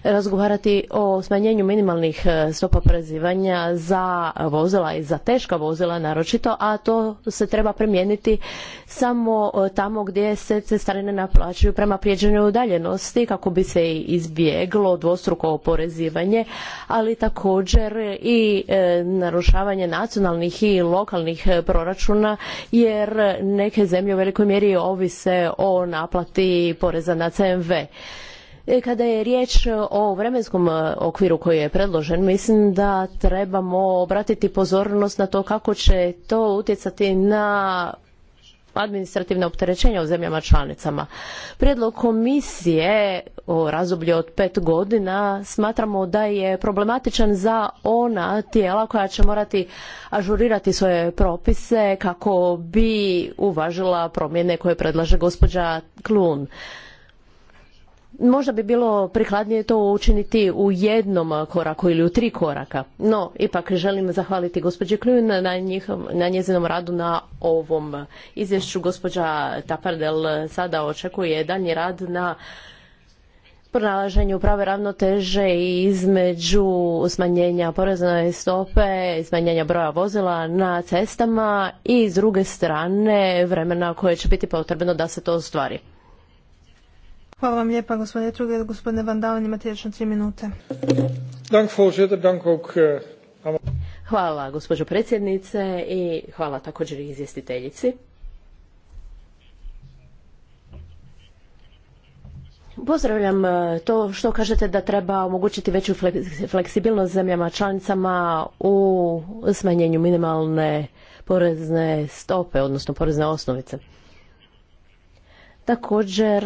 razgovarati o smanjenju minimalnih e, stopa oporezivanja za vozila i za teška vozila naročito, a to se treba primijeniti samo e, tamo gdje se cestarine naplaćuju prema prijeđenju udaljenosti kako bi se izbjeglo dvostruko oporezivanje, ali također i e, narušavanje nacionalnih i lokalnih proračuna proračuna jer neke zemlje u velikoj mjeri ovise o naplati poreza na CMV. E, kada je riječ o vremenskom okviru koji je predložen, mislim da trebamo obratiti pozornost na to kako će to utjecati na administrativna opterećenja u zemljama članicama. Prijedlog komisije o razdoblju od pet godina smatramo da je problematičan za ona tijela koja će morati ažurirati svoje propise kako bi uvažila promjene koje predlaže gospođa Klun. Možda bi bilo prikladnije to učiniti u jednom koraku ili u tri koraka. No, ipak želim zahvaliti gospođi Kljun na, na njezinom radu na ovom izvješću. Gospođa Tapardel sada očekuje daljnji rad na pronalaženju prave ravnoteže i između smanjenja porezne stope, smanjenja broja vozila na cestama i s druge strane vremena koje će biti potrebno da se to ostvari. Hvala vam lijepa gospodine Truge. Gospodine Vandalen imate još tri minute. Eh, hvala gospođo predsjednice i hvala također i izvjestiteljici. Pozdravljam eh, to što kažete da treba omogućiti veću fleksibilnost zemljama članicama u smanjenju minimalne porezne stope, odnosno porezne osnovice. Također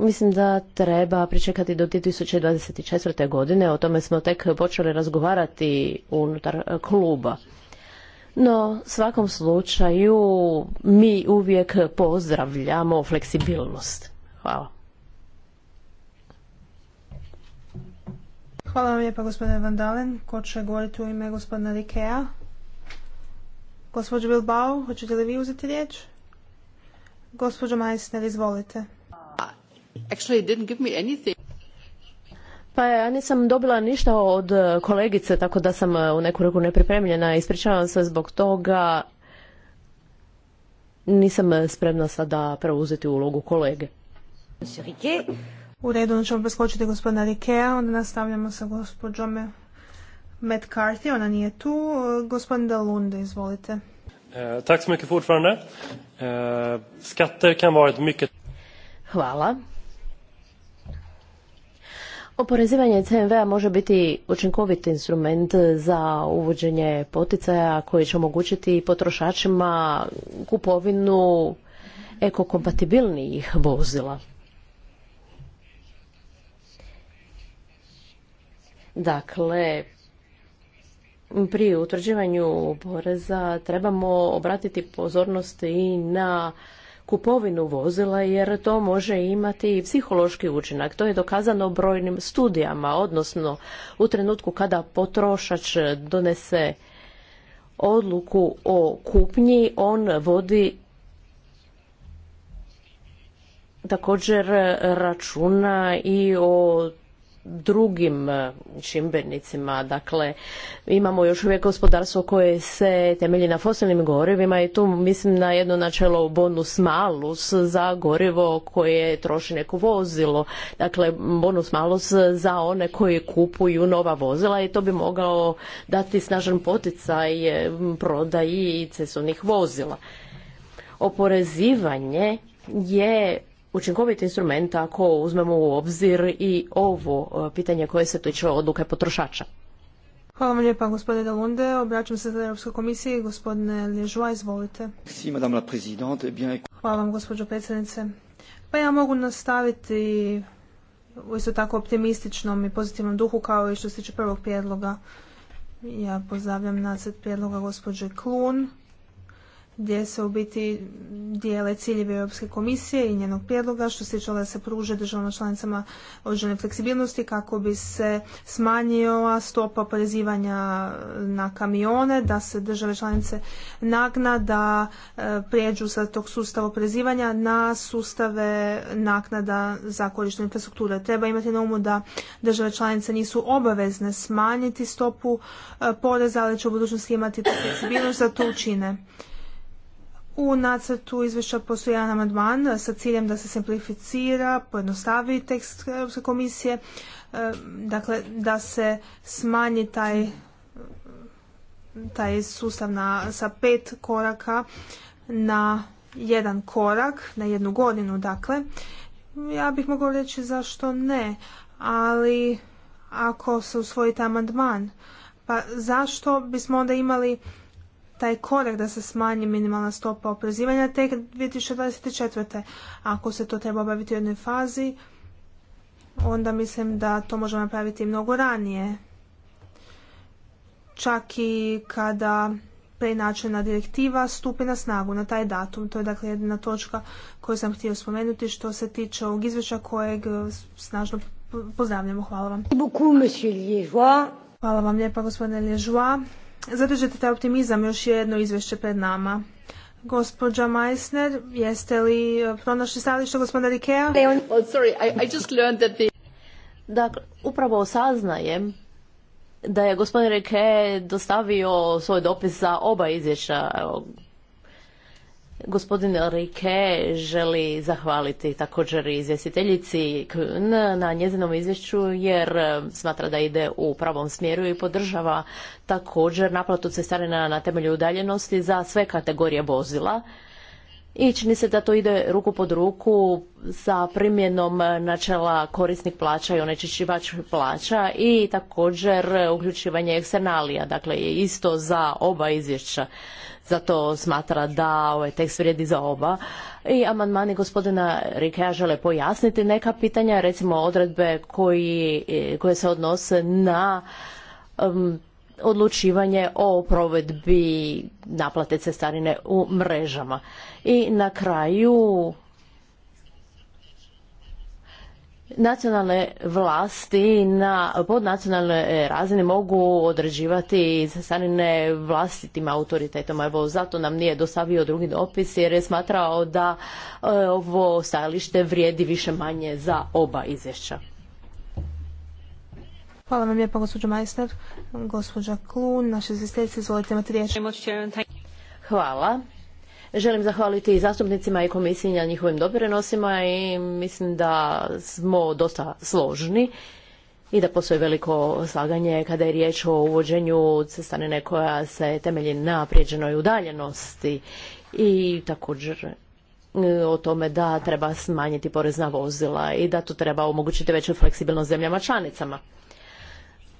Mislim da treba pričekati do 2024. godine, o tome smo tek počeli razgovarati unutar e, kluba. No, svakom slučaju mi uvijek pozdravljamo fleksibilnost. Hvala. Hvala vam lijepa gospodine Vandalen. Ko će govoriti u ime gospodina Rikea? Gospođo Bilbao, hoćete li vi uzeti riječ? Gospođo Majsner, izvolite. Pa ja nisam dobila ništa od e, kolegice, tako da sam e, u neku ruku nepripremljena. Ispričavam se zbog toga. Nisam e, spremna sada preuzeti ulogu kolege. U redu, onda ćemo preskočiti gospodina Rikea, onda nastavljamo sa gospođom Matt Carthy, ona nije tu. Gospodin Dalunde, izvolite. så mycket fortfarande. Skatter kan vara mycket... Hvala. Oporezivanje CMV-a može biti učinkovit instrument za uvođenje poticaja koji će omogućiti potrošačima kupovinu ekokompatibilnijih vozila. Dakle, pri utvrđivanju poreza trebamo obratiti pozornost i na kupovinu vozila jer to može imati i psihološki učinak. To je dokazano brojnim studijama, odnosno u trenutku kada potrošač donese odluku o kupnji, on vodi također računa i o drugim e, čimbenicima. Dakle, imamo još uvijek gospodarstvo koje se temelji na fosilnim gorivima i tu mislim na jedno načelo bonus malus za gorivo koje troši neko vozilo. Dakle, bonus malus za one koji kupuju nova vozila i to bi mogao dati snažan poticaj e, prodaji cestovnih vozila. Oporezivanje je učinkovit instrument ako uzmemo u obzir i ovo e, pitanje koje se tiče odluke potrošača. Hvala vam lijepa gospodine Dalunde. Obraćam se za Europskoj komisiji. Gospodine Lježua, izvolite. Eh Hvala vam gospođo predsjednice. Pa ja mogu nastaviti u isto tako optimističnom i pozitivnom duhu kao i što se tiče prvog prijedloga. Ja pozdravljam nacet prijedloga gospođe Klun gdje se u biti dijele ciljevi Europske komisije i njenog prijedloga što se tiče da se pruže državama članicama određene fleksibilnosti kako bi se smanjila stopa oporezivanja na kamione, da se države članice nagna da e, prijeđu sa tog sustava oporezivanja na sustave naknada za korištenje infrastrukture. Treba imati na umu da države članice nisu obavezne smanjiti stopu e, poreza, ali će u budućnosti imati fleksibilnost da to učine. U nacrtu izvješća postoji jedan amandman sa ciljem da se simplificira, pojednostavi tekst Europske komisije, e, dakle da se smanji taj, taj sustav na, sa pet koraka na jedan korak, na jednu godinu dakle. Ja bih mogla reći zašto ne, ali ako se usvoji taj amandman, pa zašto bismo onda imali taj korak da se smanji minimalna stopa oprezivanja tek 2024. Ako se to treba obaviti u jednoj fazi, onda mislim da to možemo napraviti mnogo ranije. Čak i kada preinačena direktiva stupi na snagu na taj datum. To je dakle jedna točka koju sam htio spomenuti što se tiče ovog izvješća kojeg snažno pozdravljamo. Hvala vam. Hvala vam lijepa gospodine Lježua zadržati taj optimizam još jedno izvješće pred nama. Gospođa Meissner, jeste li eh, pronašli stajalište gospodina Rikea? Oh, dakle, upravo saznajem da je gospodin Rike dostavio svoj dopis za oba izvješća Gospodin Rike želi zahvaliti također izvjestiteljici na njezinom izvješću jer e, smatra da ide u pravom smjeru i podržava također naplatu cestarina na temelju udaljenosti za sve kategorije vozila. I čini se da to ide ruku pod ruku sa primjenom načela korisnik plaća i onečišćivač plaća i također uključivanje eksternalija, dakle isto za oba izvješća zato smatra da ovaj tekst vrijedi za oba. I amandmani gospodina Rikea žele pojasniti neka pitanja, recimo odredbe koji, e, koje se odnose na odlučivanje o provedbi naplate cestarine u mrežama. I na kraju Nacionalne vlasti na podnacionalnoj e, razini mogu određivati stanine vlastitim autoritetom. Evo, zato nam nije dostavio drugi dopis jer je smatrao da e, ovo stajalište vrijedi više manje za oba izvješća. Hvala vam lijepo gospođo Majsner. Gospođa Klun, naša izvjestiteljica, izvolite imati riječ. Hvala. Želim zahvaliti i zastupnicima i komisiji na njihovim doprinosima i mislim da smo dosta složni i da postoji veliko slaganje kada je riječ o uvođenju cestanine koja se temelji na prijeđenoj udaljenosti i također e, o tome da treba smanjiti porezna vozila i da to treba omogućiti veću fleksibilnost zemljama članicama.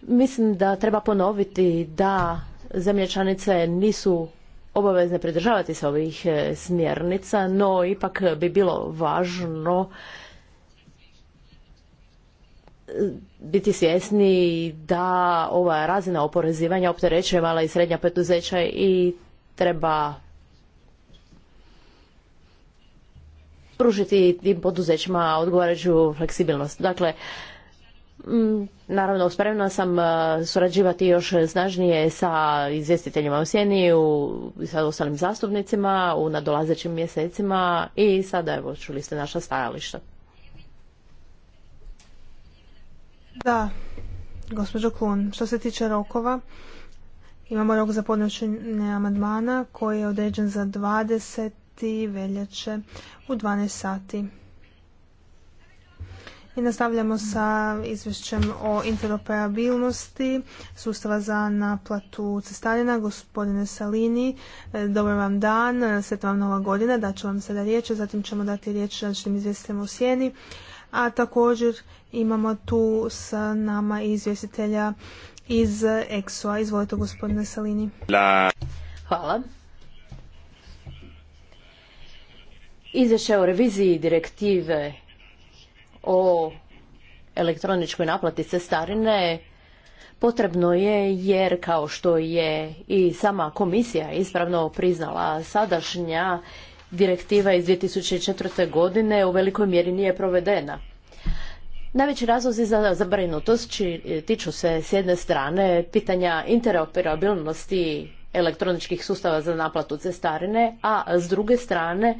Mislim da treba ponoviti da zemlje članice nisu obavezne pridržavati se ovih e, smjernica, no ipak bi bilo važno e, biti svjesni da ova razina oporezivanja opterećuje mala i srednja poduzeća i treba pružiti tim poduzećima odgovarajuću fleksibilnost. Dakle, Mm, naravno, spremna sam uh, surađivati još snažnije sa izvjestiteljima u Sjeni, i sa ostalim zastupnicima u nadolazećim mjesecima i sada evo čuli ste naša stajališta. Da, gospođo Klun, što se tiče rokova, imamo rok za podnošenje amandmana koji je određen za 20. veljače u 12 sati nastavljamo sa izvješćem o interoperabilnosti sustava za naplatu cestarina. Gospodine Salini, e, dobar vam dan, sretna vam nova godina, ću vam sada riječ, zatim ćemo dati riječ različitim izvjestiteljima u sjeni. A također imamo tu sa nama izvjestitelja iz EXO-a. Izvolite gospodine Salini. Hvala. Izvješće o reviziji direktive o elektroničkoj naplati cestarine potrebno je jer kao što je i sama komisija ispravno priznala sadašnja direktiva iz 2004. godine u velikoj mjeri nije provedena. Najveći razlozi za zabrinutost tiču se s jedne strane pitanja interoperabilnosti elektroničkih sustava za naplatu cestarine, a s druge strane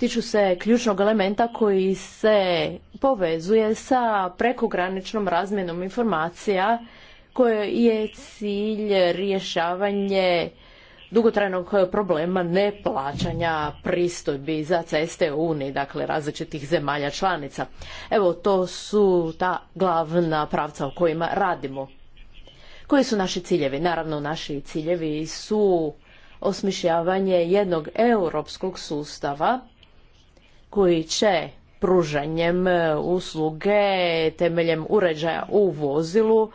tiču se ključnog elementa koji se povezuje sa prekograničnom razmjenom informacija koje je cilj rješavanje dugotrajnog problema neplaćanja pristojbi za ceste u Uniji, dakle različitih zemalja članica. Evo, to su ta glavna pravca o kojima radimo. Koji su naši ciljevi? Naravno, naši ciljevi su osmišljavanje jednog europskog sustava koji će pružanjem e, usluge temeljem uređaja u vozilu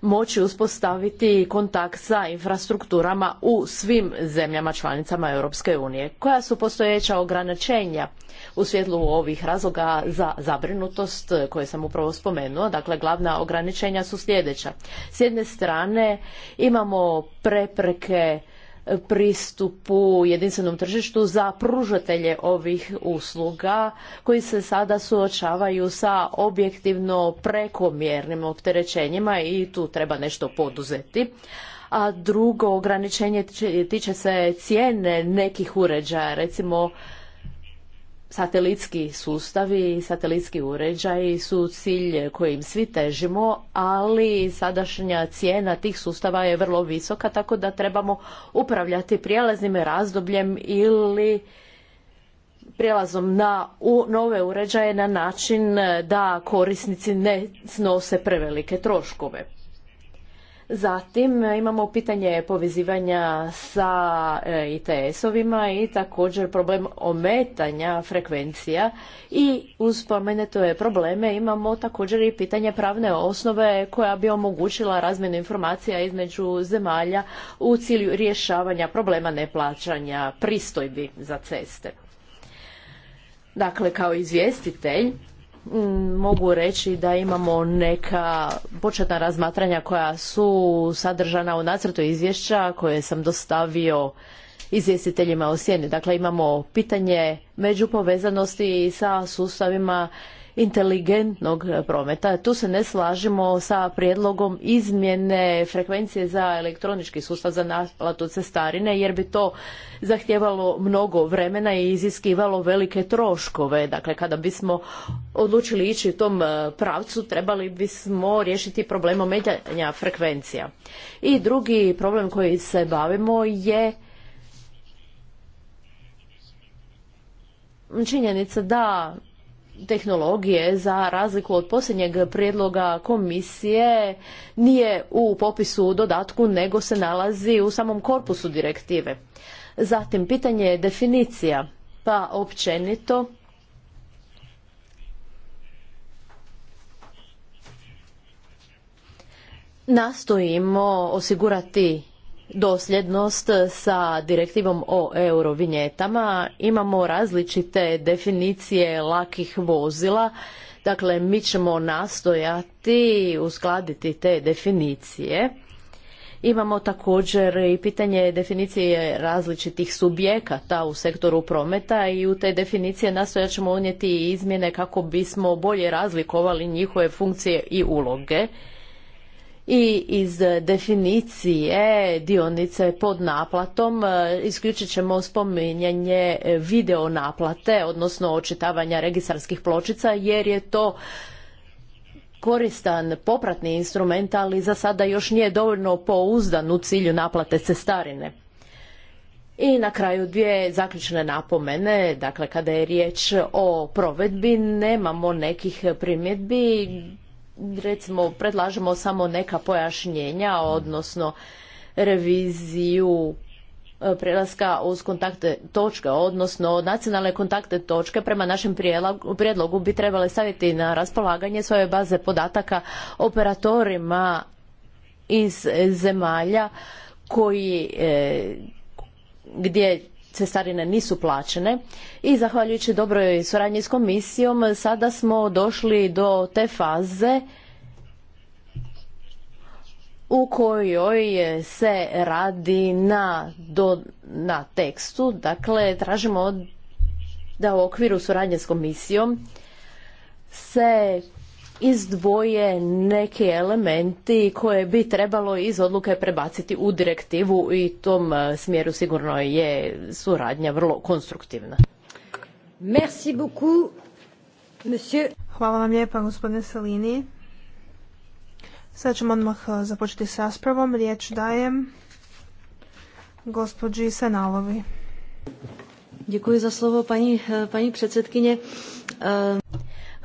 moći uspostaviti kontakt sa infrastrukturama u svim zemljama članicama Europske unije. Koja su postojeća ograničenja u svjetlu ovih razloga za zabrinutost koje sam upravo spomenula? Dakle, glavna ograničenja su sljedeća. S jedne strane imamo prepreke pristupu jedinstvenom tržištu za pružatelje ovih usluga koji se sada suočavaju sa objektivno prekomjernim opterećenjima i tu treba nešto poduzeti. A drugo ograničenje tiče se cijene nekih uređaja, recimo Satelitski sustavi i satelitski uređaji su cilj kojim svi težimo, ali sadašnja cijena tih sustava je vrlo visoka, tako da trebamo upravljati prijelaznim razdobljem ili prijelazom na nove uređaje na način da korisnici ne snose prevelike troškove. Zatim e, imamo pitanje povezivanja sa e, ITS-ovima i također problem ometanja frekvencija i uz spomenute probleme imamo također i pitanje pravne osnove koja bi omogućila razmjenu informacija između zemalja u cilju rješavanja problema neplaćanja pristojbi za ceste. Dakle, kao izvjestitelj Mm, mogu reći da imamo neka početna razmatranja koja su sadržana u nacrtu izvješća koje sam dostavio izvjestiteljima u sjeni. Dakle, imamo pitanje međupovezanosti sa sustavima inteligentnog prometa. Tu se ne slažemo sa prijedlogom izmjene frekvencije za elektronički sustav za naplatu cestarine jer bi to zahtjevalo mnogo vremena i iziskivalo velike troškove. Dakle, kada bismo odlučili ići u tom e, pravcu, trebali bismo riješiti problem ometanja frekvencija. I drugi problem koji se bavimo je činjenica da tehnologije za razliku od posljednjeg prijedloga komisije nije u popisu dodatku nego se nalazi u samom korpusu direktive. Zatim pitanje je definicija pa općenito nastojimo osigurati dosljednost sa direktivom o eurovinjetama. Imamo različite definicije lakih vozila, dakle mi ćemo nastojati uskladiti te definicije. Imamo također i pitanje definicije različitih subjekata u sektoru prometa i u te definicije nastojat ćemo unijeti izmjene kako bismo bolje razlikovali njihove funkcije i uloge i iz definicije dionice pod naplatom e, isključit ćemo spominjanje video naplate, odnosno očitavanja registarskih pločica, jer je to koristan popratni instrument, ali za sada još nije dovoljno pouzdan u cilju naplate cestarine. I na kraju dvije zaključne napomene, dakle kada je riječ o provedbi nemamo nekih primjedbi recimo predlažemo samo neka pojašnjenja, odnosno reviziju e, prelaska uz kontakte točke, odnosno nacionalne kontakte točke prema našem prijedlogu bi trebale staviti na raspolaganje svoje baze podataka operatorima iz zemalja koji e, gdje cestarine nisu plaćene i zahvaljujući dobroj suradnji s komisijom sada smo došli do te faze u kojoj se radi na, na tekstu. Dakle, tražimo da u okviru suradnje s komisijom se izdvoje neki elementi koje bi trebalo iz odluke prebaciti u direktivu i tom e, smjeru sigurno je suradnja vrlo konstruktivna. Merci beaucoup, Hvala vam lijepa gospodine Salini. Sad ćemo odmah e, započeti s raspravom. Riječ dajem gospođi Senalovi. Děkuji za slovo, paní, e, paní předsedkyně.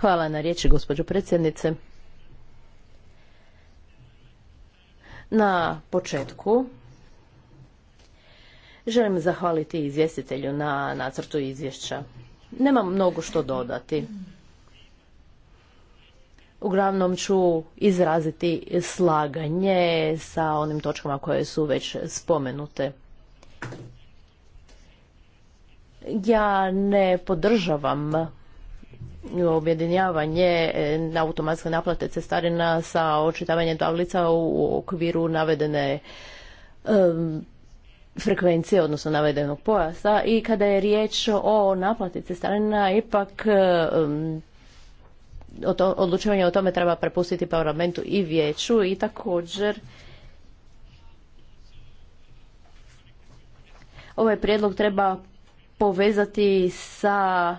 Hvala na riječi, gospođo predsjednice. Na početku želim zahvaliti izvjestitelju na nacrtu izvješća. Nemam mnogo što dodati. Uglavnom ću izraziti slaganje sa onim točkama koje su već spomenute. Ja ne podržavam objedinjavanje e, na automatske naplate cestarina sa očitavanjem tablica u okviru navedene frekvencije, odnosno navedenog pojasa i kada je riječ o naplati cestarina ipak odlučivanje o tome treba prepustiti parlamentu i vijeću i također ovaj prijedlog treba povezati sa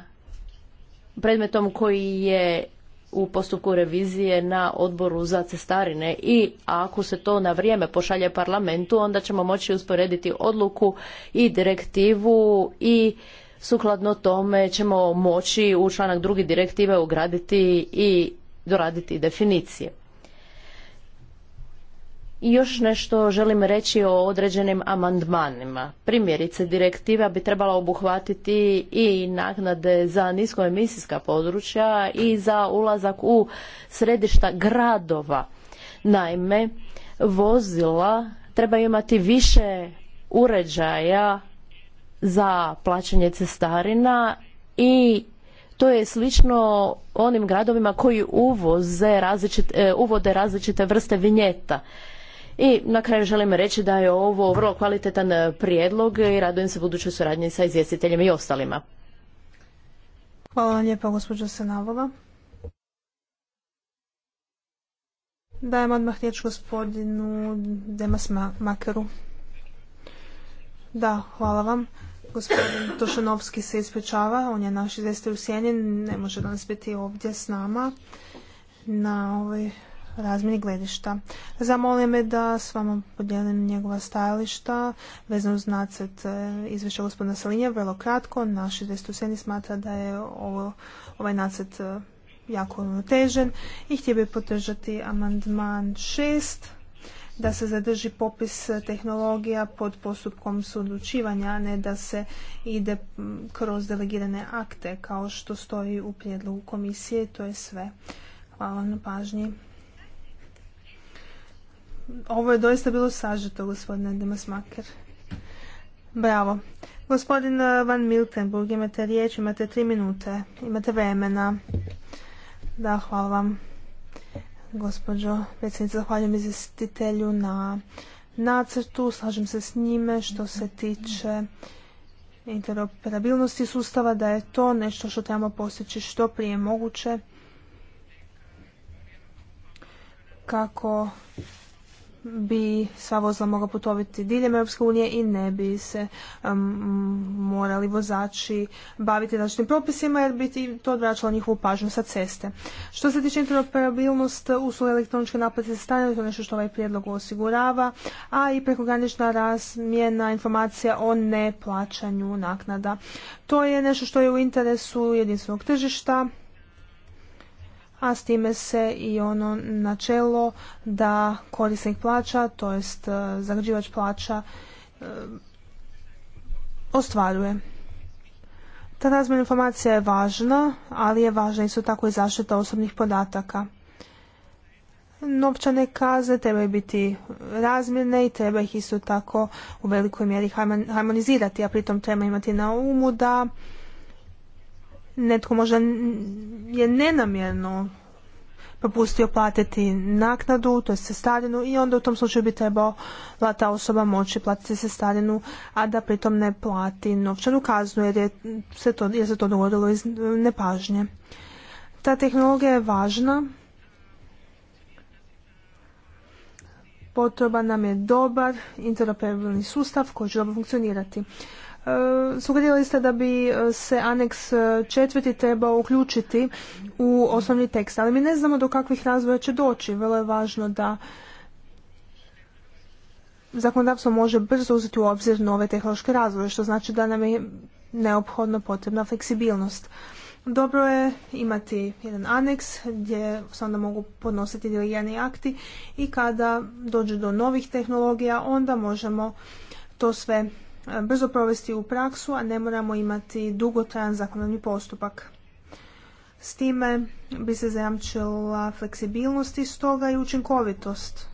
predmetom koji je u postupku revizije na odboru za cestarine i ako se to na vrijeme pošalje parlamentu onda ćemo moći usporediti odluku i direktivu i sukladno tome ćemo moći u članak drugi direktive ugraditi i doraditi definicije. I još nešto želim reći o određenim amandmanima. Primjerice, direktiva bi trebala obuhvatiti i naknade za niskoemisijska područja i za ulazak u središta gradova. Naime, vozila treba imati više uređaja za plaćanje cestarina i to je slično onim gradovima koji uvoze e, uvode različite vrste vinjeta. I na kraju želim reći da je ovo vrlo kvalitetan e, prijedlog i radujem se budućoj suradnji sa izvjestiteljem i ostalima. Hvala vam lijepa gospođo Senavova. Dajem odmah riječ gospodinu Demas Makeru. Da, hvala vam. Gospodin Tošanovski se ispričava, on je naš izvjestitelj u Sjeni, ne može danas biti ovdje s nama na ovoj razmjeni gledišta. Zamolio me da s vama podijelim njegova stajališta vezano uz nacrt e, izvješća gospodina Salinja. Vrlo kratko, naš 67. smatra da je ovo, ovaj nacrt e, jako težen i htio bi podržati amandman 6 da se zadrži popis tehnologija pod postupkom sudučivanja, a ne da se ide kroz delegirane akte kao što stoji u prijedlogu komisije. To je sve. Hvala na pažnji. Ovo je doista bilo sažeto, gospodine Demasmaker. Bravo. Gospodin eh, Van Miltenburg, imate riječ, imate tri minute, imate vremena. Da, hvala vam. Gospođo predsjednice, zahvaljujem izvjestitelju na nacrtu, slažem se s njime što se tiče interoperabilnosti sustava, da je to nešto što trebamo postići što prije moguće kako bi sva vozila mogla putovati diljem Europske unije i ne bi se morali vozači baviti različitim propisima jer bi to odvraćalo njihovu pažnju sa ceste. Što se tiče interoperabilnost usluge elektroničke naplate stanja, to je nešto što ovaj prijedlog osigurava, a i prekogranična razmjena informacija o neplaćanju naknada. To je nešto što je u interesu jedinstvenog tržišta, a s time se i ono načelo da korisnik plaća, to jest e, zagađivač plaća, e, ostvaruje. Ta razmjena informacija je važna, ali je važna isto tako i zaštita osobnih podataka. Novčane kazne trebaju biti razmjerne i treba ih isto tako u velikoj mjeri harmonizirati, a pritom treba imati na umu da netko možda je nenamjerno propustio platiti naknadu, to je cestarinu i onda u tom slučaju bi trebala ta osoba moći platiti sestarinu, a da pritom ne plati novčanu kaznu jer, je se, to, jer se to dogodilo iz nepažnje. Ta tehnologija je važna, potreban nam je dobar interoperabilni sustav koji će dobro funkcionirati. E, sugerirali ste da bi e, se aneks e, četvrti trebao uključiti u osnovni tekst, ali mi ne znamo do kakvih razvoja će doći. Vrlo je važno da zakonodavstvo može brzo uzeti u obzir nove tehnološke razvoje, što znači da nam je neophodno potrebna fleksibilnost. Dobro je imati jedan aneks gdje se onda mogu podnositi delegirani akti i kada dođe do novih tehnologija onda možemo to sve E, brzo provesti u praksu, a ne moramo imati dugotrajan zakonodavni postupak. S time bi se zajamčila fleksibilnost i stoga i učinkovitost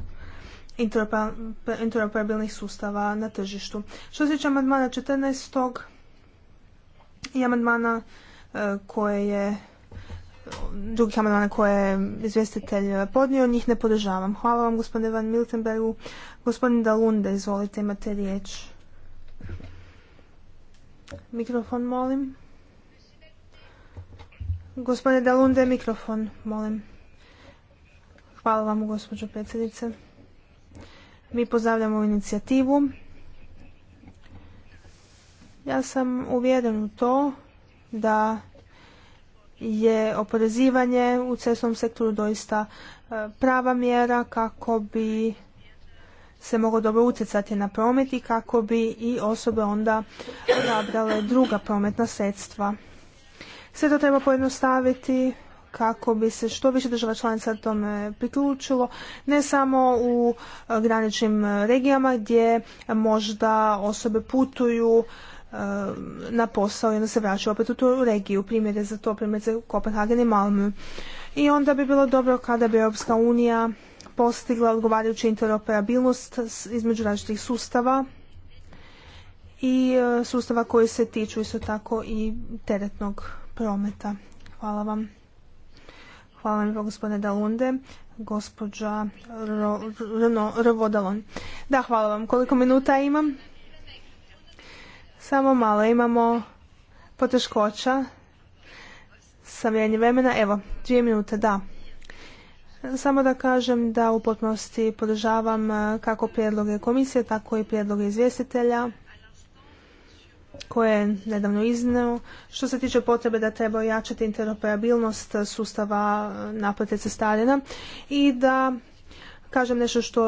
interoperabilnih sustava na tržištu. Što se tiče amandmana 14. i amandmana e, koje je drugih amandmana koje je izvjestitelj podnio, njih ne podržavam. Hvala vam gospodine Van Miltenbergu. Gospodin Dalunde, izvolite, imate riječ. Mikrofon, molim. Gospodine Dalunde, mikrofon, molim. Hvala vam, gospođo predsjednice. Mi pozdravljamo inicijativu. Ja sam uvjeren u to da je oporezivanje u cestovnom sektoru doista e, prava mjera kako bi se moglo dobro utjecati na promet i kako bi i osobe onda odabrale druga prometna sredstva. Sve to treba pojednostaviti kako bi se što više država članica tome priključilo, ne samo u e, graničnim e, regijama gdje možda osobe putuju e, na posao i onda se vraćaju opet u tu regiju. Primjere za to, za Kopenhagen i Malmö. I onda bi bilo dobro kada bi Europska unija postigla odgovarajuća interoperabilnost između različitih sustava i e, sustava koji se tiču isto tako i teretnog prometa. Hvala vam. Hvala vam gospodine Dalunde. Gospođa Rvodalon. Da, hvala vam. Koliko minuta imam? Samo malo imamo poteškoća sa vremena. Evo, dvije minute, da. Samo da kažem da u potpunosti podržavam e, kako prijedloge komisije, tako i prijedloge izvjestitelja koje je nedavno izneo. Što se tiče potrebe da treba ojačati interoperabilnost sustava e, naplate cestarina i da kažem nešto što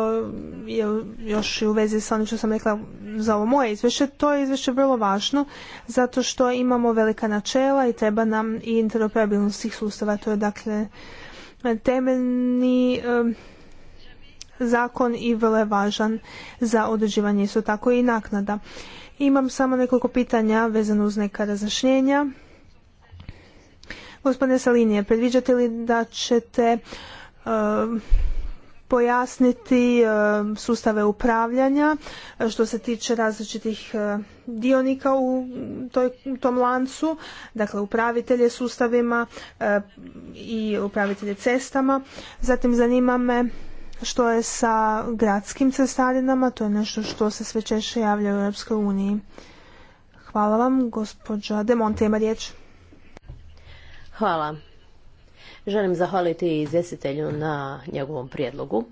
je još i u vezi sa onim što sam rekla za ovo moje izvješće, to je izvješće vrlo važno zato što imamo velika načela i treba nam i interoperabilnost svih sustava. To je dakle temeljni zakon i vrlo je važan za određivanje isto tako i naknada. Imam samo nekoliko pitanja vezano uz neka razjašnjenja. Gospodine Salinije, predviđate li da ćete pojasniti e, sustave upravljanja e, što se tiče različitih e, dionika u tom lancu, dakle upravitelje sustavima i upravitelje cestama. Zatim zanima me što je sa gradskim cestarinama, to je nešto što se sve češće javlja u Europskoj uniji. Hvala vam, gospođa Demonte ima riječ. Hvala. Želim zahvaliti izvjestitelju na njegovom prijedlogu.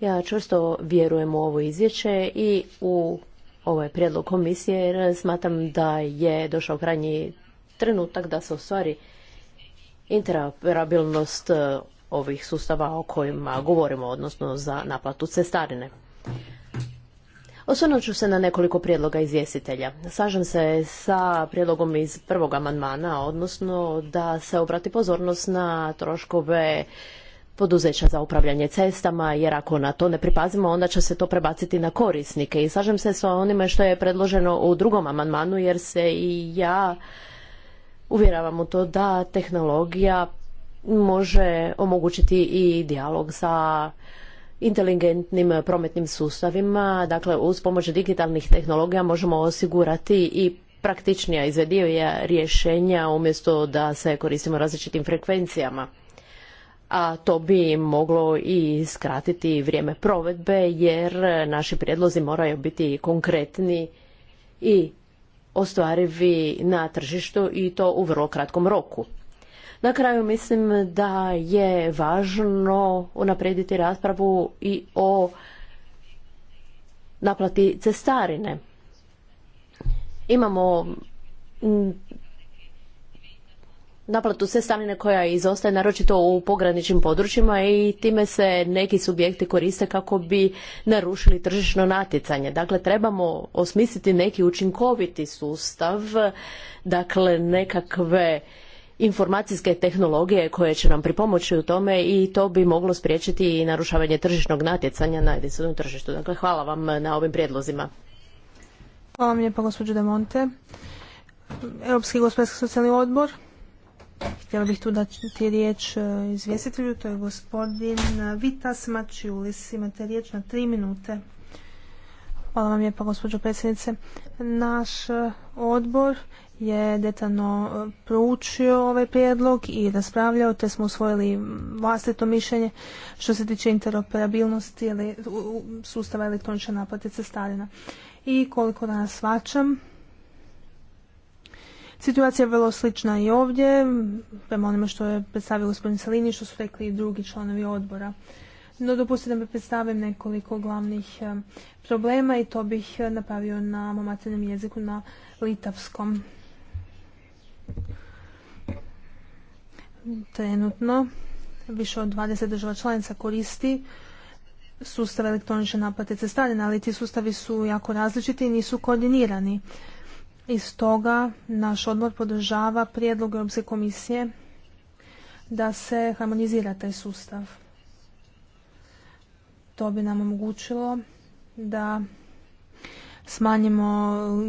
Ja čvrsto vjerujem u ovo izvješće i u ovaj prijedlog komisije jer smatram da je došao krajnji trenutak da se ostvari interoperabilnost eh, ovih sustava o kojima govorimo, odnosno za naplatu cestarine. Osvrnut ću se na nekoliko prijedloga izvjestitelja. Slažem se sa prijedlogom iz prvog amandmana, odnosno da se obrati pozornost na troškove poduzeća za upravljanje cestama, jer ako na to ne pripazimo, onda će se to prebaciti na korisnike. I slažem se sa onime što je predloženo u drugom amandmanu, jer se i ja uvjeravam u to da tehnologija može omogućiti i dijalog sa inteligentnim prometnim sustavima, dakle uz pomoć digitalnih tehnologija možemo osigurati i praktičnija izvedivija rješenja umjesto da se koristimo različitim frekvencijama. A to bi moglo i skratiti vrijeme provedbe jer naši prijedlozi moraju biti konkretni i ostvarivi na tržištu i to u vrlo kratkom roku. Na kraju mislim da je važno unaprediti raspravu i o naplati cestarine. Imamo mm, naplatu cestarine koja izostaje naročito u pograničnim područjima i time se neki subjekti koriste kako bi narušili tržišno natjecanje. Dakle, trebamo osmisliti neki učinkoviti sustav, dakle nekakve informacijske tehnologije koje će nam pripomoći u tome i to bi moglo spriječiti i narušavanje tržišnog natjecanja na jedinstvenom tržištu. Dakle, hvala vam na ovim prijedlozima. Hvala vam lijepa, gospođo De Monte. Europski gospodarski socijalni odbor. Htjela bih tu dati riječ e, izvjestitelju, to je gospodin e, Vitas Mačiulis. Imate riječ na tri minute. Hvala vam lijepa, gospođo predsjednice. Naš e, odbor je detaljno e, proučio ovaj prijedlog i raspravljao, te smo usvojili vlastito mišljenje što se tiče interoperabilnosti ili sustava elektronične naplate cestarina. I koliko danas svačam, Situacija je vrlo slična i ovdje, prema onima što je predstavio gospodin Salini, što su rekli i drugi članovi odbora. No, dopustite da mi predstavim nekoliko glavnih e, problema i to bih e, napravio na mamatenom jeziku na litavskom. Trenutno više od 20 država članica koristi sustav elektronične naplate cestarina, ali ti sustavi su jako različiti i nisu koordinirani. I toga naš odbor podržava prijedlog Europske komisije da se harmonizira taj sustav. To bi nam omogućilo da smanjimo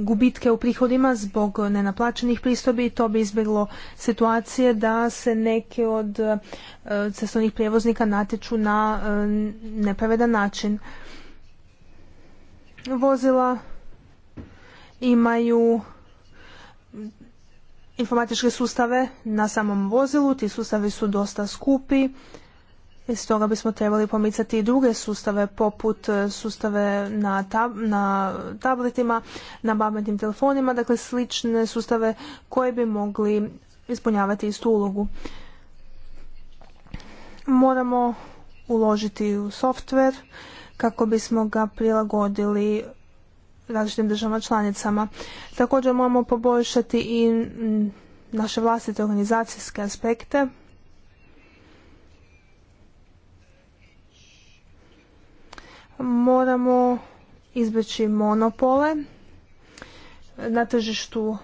gubitke u prihodima zbog nenaplaćenih pristobi i to bi izbjeglo situacije da se neke od e, cestovnih prijevoznika natječu na e, nepravedan način. Vozila imaju informatičke sustave na samom vozilu, ti sustavi su dosta skupi Stoga bismo trebali pomicati i druge sustave poput e, sustave na, na tabletima, na pametnim telefonima, dakle slične sustave koje bi mogli ispunjavati istu ulogu. Moramo uložiti u softver kako bismo ga prilagodili različitim državama članicama. Također moramo poboljšati i naše vlastite organizacijske aspekte moramo izbjeći monopole na tržištu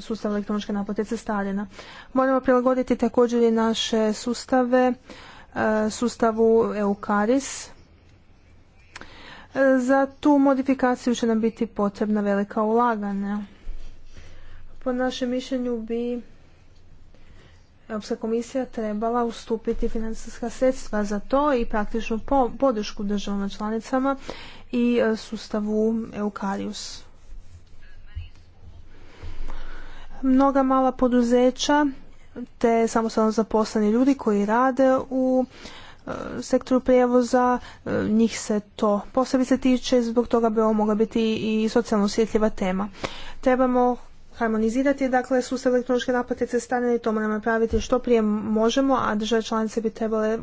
sustava elektroničke naplate cestarina. Moramo prilagoditi također i naše sustave e, sustavu EUCARIS. E, za tu modifikaciju će nam biti potrebna velika ulaganja. Po našem mišljenju bi Europska komisija trebala ustupiti financijska sredstva za to i praktičnu podršku državama članicama i e, sustavu Eukarius. Mnoga mala poduzeća te samostalno zaposleni ljudi koji rade u e, sektoru prijevoza, e, njih se to posebice tiče, zbog toga bi ovo mogla biti i socijalno osjetljiva tema. Trebamo harmonizirati dakle sustav elektroničke naplate cestarine i to moramo napraviti što prije možemo, a države članice bi trebale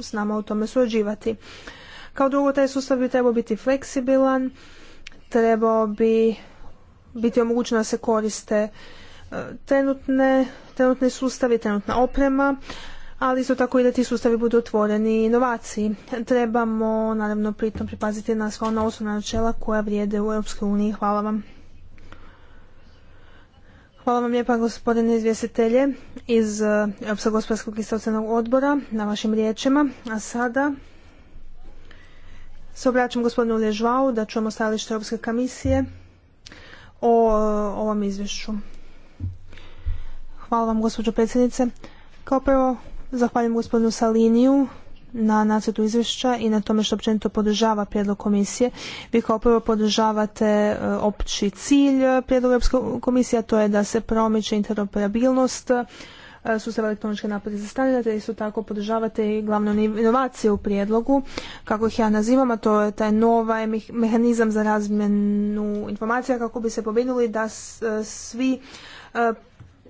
s nama u tome surađivati. Kao drugo, taj sustav bi trebao biti fleksibilan, trebao bi biti omogućeno da se koriste e, trenutne, trenutni sustavi, trenutna oprema, ali isto tako i da ti sustavi budu otvoreni inovaciji. Trebamo, naravno, pritom pripaziti na sva ona osnovna načela koja vrijede u EU. Hvala vam. Hvala vam lijepa gospodine izvjestitelje iz e, Europskog gospodarskog i socijalnog odbora na vašim riječima. A sada se obraćam gospodinu Ležvau da čujemo stajalište Europske komisije o e, ovom izvješću. Hvala vam gospođo predsjednice. Kao prvo zahvaljujem gospodinu Saliniju na nacrtu izvješća i na tome što općenito podržava prijedlog komisije. Vi kao prvo podržavate e, opći cilj prijedloga Europske komisije, a to je da se promiče interoperabilnost e, sustava elektroničke napade za stanje, te isto tako podržavate i glavne inovacije u prijedlogu, kako ih ja nazivam, a to je taj novaj mehanizam za razmjenu informacija kako bi se pobjedili da e, svi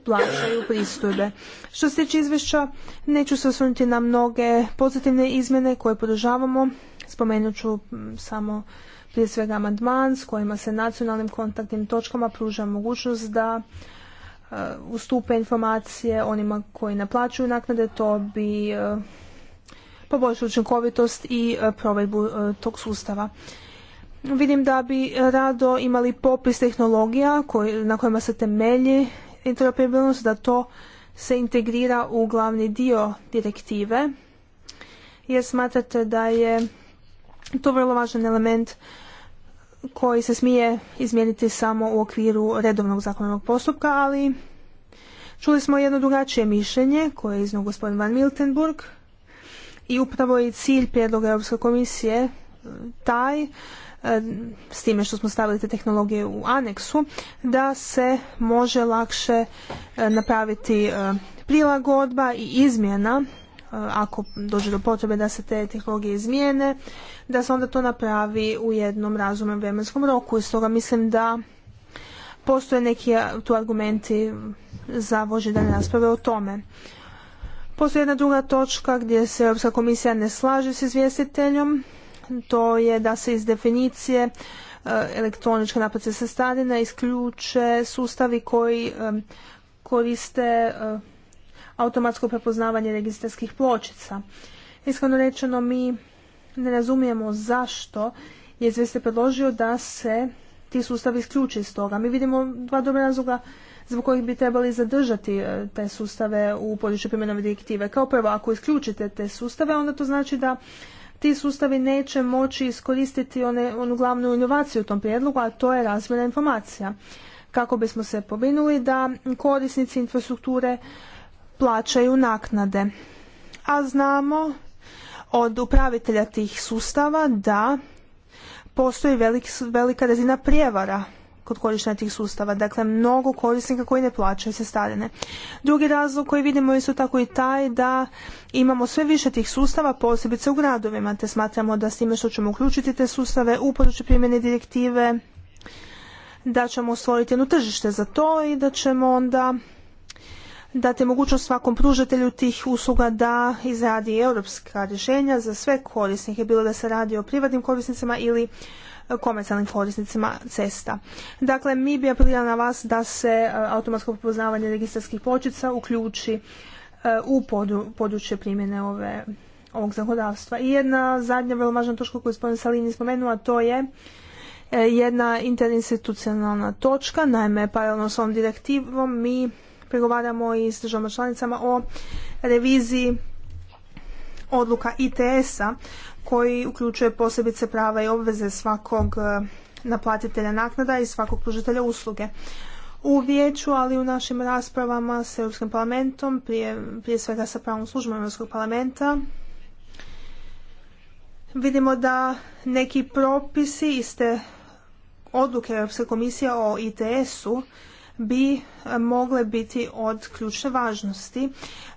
plaćaju pristojbe. Što se tiče izvješća, neću se osvrnuti na mnoge pozitivne izmjene koje podržavamo. Spomenut ću samo prije svega amandman s kojima se nacionalnim kontaktnim točkama pruža mogućnost da e, ustupe informacije onima koji naplaćuju naknade. To bi e, poboljšao učinkovitost i e, provedbu tog sustava. Vidim da bi rado imali popis tehnologija na kojima se temelji interoperabilnost, da to se integrira u glavni dio direktive, jer smatrate da je to vrlo važan element koji se smije izmijeniti samo u okviru redovnog zakonovnog postupka, ali čuli smo jedno drugačije mišljenje koje je iznio gospodin Van Miltenburg i upravo je cilj prijedloga Europske komisije taj E, s time što smo stavili te tehnologije u aneksu, da se može lakše e, napraviti e, prilagodba i izmjena ako dođe do potrebe da se te tehnologije izmijene, da se onda to napravi u jednom razumnom vremenskom roku i stoga mislim da postoje neki tu argumenti za vođe rasprave o tome. Postoji jedna druga točka gdje se Europska komisija ne slaže s izvjestiteljom to je da se iz definicije e, elektroničke naplate stadina isključe sustavi koji e, koriste e, automatsko prepoznavanje registarskih pločica. Iskreno rečeno, mi ne razumijemo zašto je izvjestitelj predložio da se ti sustavi isključe iz toga. Mi vidimo dva dobra razloga zbog kojih bi trebali zadržati te sustave u području primjenove direktive. Kao prvo, ako isključite te sustave, onda to znači da ti sustavi neće moći iskoristiti onu glavnu inovaciju u tom prijedlogu, a to je razmjena informacija. Kako bismo se pobinuli da korisnici infrastrukture plaćaju naknade. A znamo od upravitelja tih sustava da postoji velik, velika razina prijevara kod korištenja tih sustava. Dakle, mnogo korisnika koji ne plaćaju cestarine. Drugi razlog koji vidimo isto tako i taj da imamo sve više tih sustava, posebice u gradovima, te smatramo da s time što ćemo uključiti te sustave u području primjene direktive, da ćemo stvoriti jedno tržište za to i da ćemo onda dati mogućnost svakom pružatelju tih usluga da izradi europska rješenja za sve korisnike, bilo da se radi o privatnim korisnicima ili komercijalnim korisnicima cesta. Dakle, mi bi apelirali na vas da se e, automatsko prepoznavanje registarskih pločica uključi e, u područje primjene ove, ovog zakonodavstva. I jedna zadnja vrlo važna točka koju gospodin Salini spomenuo, a to je e, jedna interinstitucionalna točka. Naime, paralelno s ovom direktivom mi pregovaramo i s državama članicama o reviziji odluka ITS-a koji uključuje posebice prava i obveze svakog e, naplatitelja naknada i svakog pružitelja usluge. U vijeću, ali i u našim raspravama s Europskim parlamentom, prije, prije svega sa pravnom službom Europskog parlamenta, vidimo da neki propisi iste odluke Europske komisije o ITS-u bi e, mogle biti od ključne važnosti.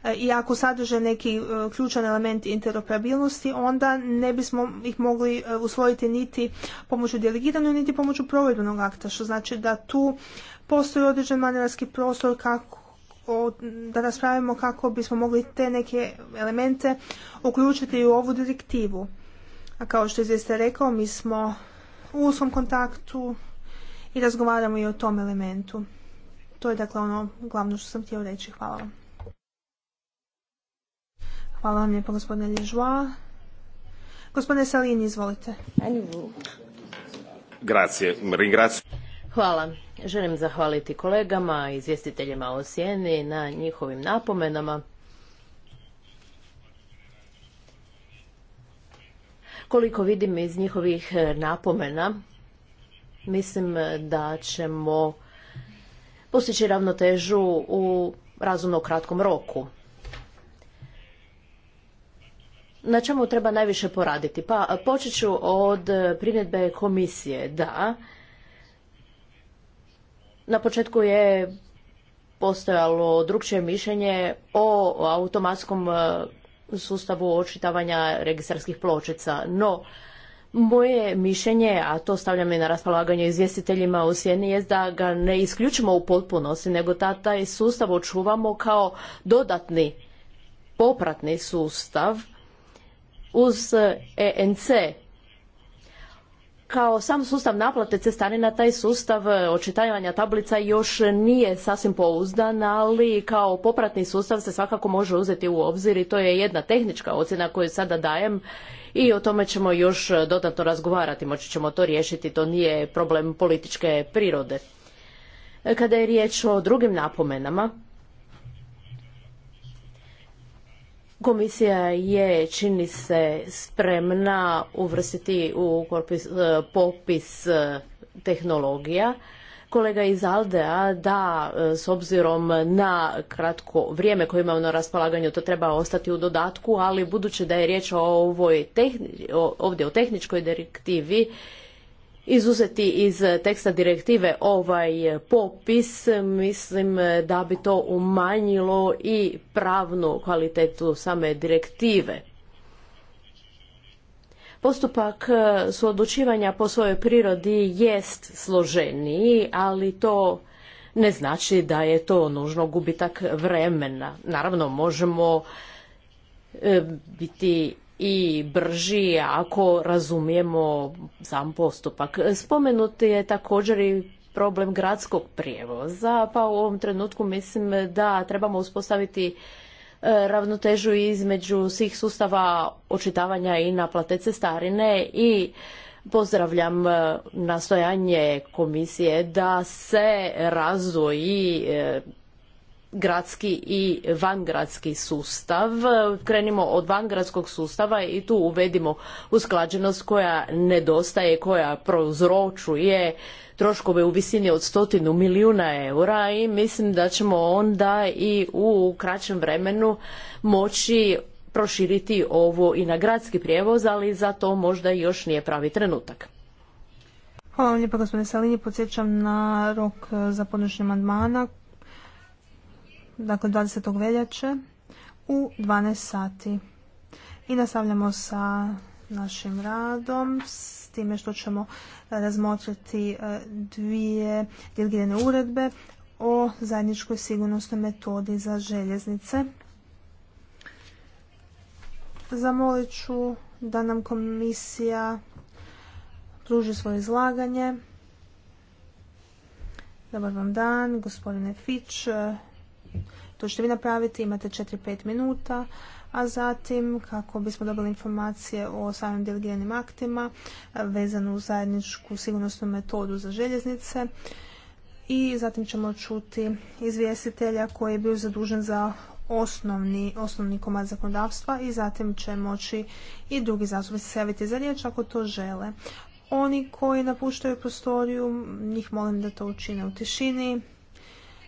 E, I ako sadrže neki e, ključan element interoperabilnosti, onda ne bismo ih mogli usvojiti niti pomoću delegiranju, niti pomoću provedbenog akta, što znači da tu postoji određen manevarski prostor kako da raspravimo kako bismo mogli te neke elemente uključiti u ovu direktivu. A kao što je rekao, mi smo u uskom kontaktu i razgovaramo i o tom elementu. To je dakle ono glavno što sam htio reći. Hvala vam. Hvala vam lijepo gospodine Ližua. Gospodine Salini, izvolite. Grazie. Ringrazio. Hvala. Želim zahvaliti kolegama, izvjestiteljima o Sjeni na njihovim napomenama. Koliko vidim iz njihovih eh, napomena, mislim eh, da ćemo postići ravnotežu u razumno kratkom roku. Na čemu treba najviše poraditi? Pa počet ću od primjedbe komisije da na početku je postojalo drugčije mišljenje o automatskom e, sustavu očitavanja registarskih pločica, no moje mišljenje, a to stavljam i na raspolaganje izvjestiteljima u sjeni, je da ga ne isključimo u potpunosti, nego da taj sustav očuvamo kao dodatni popratni sustav uz ENC. Kao sam sustav naplate cestarina, taj sustav očitavanja tablica još nije sasvim pouzdan, ali kao popratni sustav se svakako može uzeti u obzir i to je jedna tehnička ocjena koju sada dajem i o tome ćemo još e, dodatno razgovarati, moći ćemo to riješiti, to nije problem političke prirode. E, kada je riječ o drugim napomenama, Komisija je, čini se, spremna uvrstiti u e, popis tehnologija kolega iz Aldea da e, s obzirom na kratko vrijeme koje imamo na raspolaganju to treba ostati u dodatku, ali budući da je riječ o ovoj ovdje o tehničkoj direktivi izuzeti iz teksta direktive ovaj popis, mislim da bi to umanjilo i pravnu kvalitetu same direktive. Postupak e, suodlučivanja po svojoj prirodi jest složeniji, ali to ne znači da je to nužno gubitak vremena. Naravno, možemo e, biti i brži ako razumijemo sam postupak. Spomenut je također i problem gradskog prijevoza, pa u ovom trenutku mislim da trebamo uspostaviti E, ravnotežu između svih sustava očitavanja i naplate cestarine i pozdravljam e, nastojanje komisije da se razvoji e, gradski i vangradski sustav. Krenimo od vangradskog sustava i tu uvedimo usklađenost koja nedostaje, koja prouzročuje troškove u visini od stotinu milijuna eura i mislim da ćemo onda i u kraćem vremenu moći proširiti ovo i na gradski prijevoz, ali za to možda još nije pravi trenutak. Hvala vam lijepa gospodine Salini. Podsjećam na rok e, za podnošenje amandmana, dakle 20. veljače u 12 sati. I nastavljamo sa našim radom s time što ćemo eh, razmotriti eh, dvije dirigirane uredbe o zajedničkoj sigurnosnoj metodi za željeznice. Zamolit ću da nam komisija pruži svoje izlaganje. Dobar vam dan, gospodine Fić. Eh, to ćete vi napraviti, imate 4-5 minuta, a zatim kako bismo dobili informacije o samim delegiranim aktima vezano u zajedničku sigurnosnu metodu za željeznice i zatim ćemo čuti izvjestitelja koji je bio zadužen za osnovni, osnovni komad zakonodavstva i zatim će moći i drugi zastupnici se javiti za riječ ako to žele. Oni koji napuštaju prostoriju, njih molim da to učine u tišini.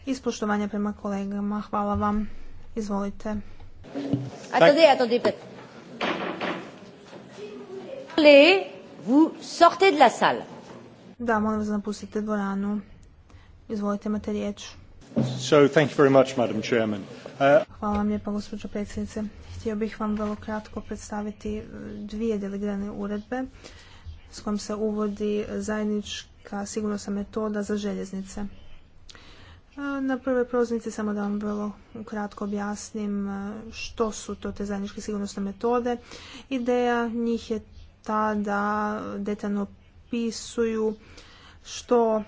Ispoštovanje prema kolegama. Hvala vam. Izvolite. Attendez, attendez, peut Vous sortez Da, molim vas da napustite dvoranu. Izvolite, imate riječ. So, thank uh, Hvala vam lijepa, gospođo predsjednice. Htio bih vam vrlo kratko predstaviti uh, dvije delegirane uredbe s kojom se uvodi zajednička sigurnosna metoda za željeznice. Na prvoj proznice samo da vam vrlo ukratko objasnim e, što su to te zajedničke sigurnosne metode. Ideja njih je ta da detaljno opisuju što e,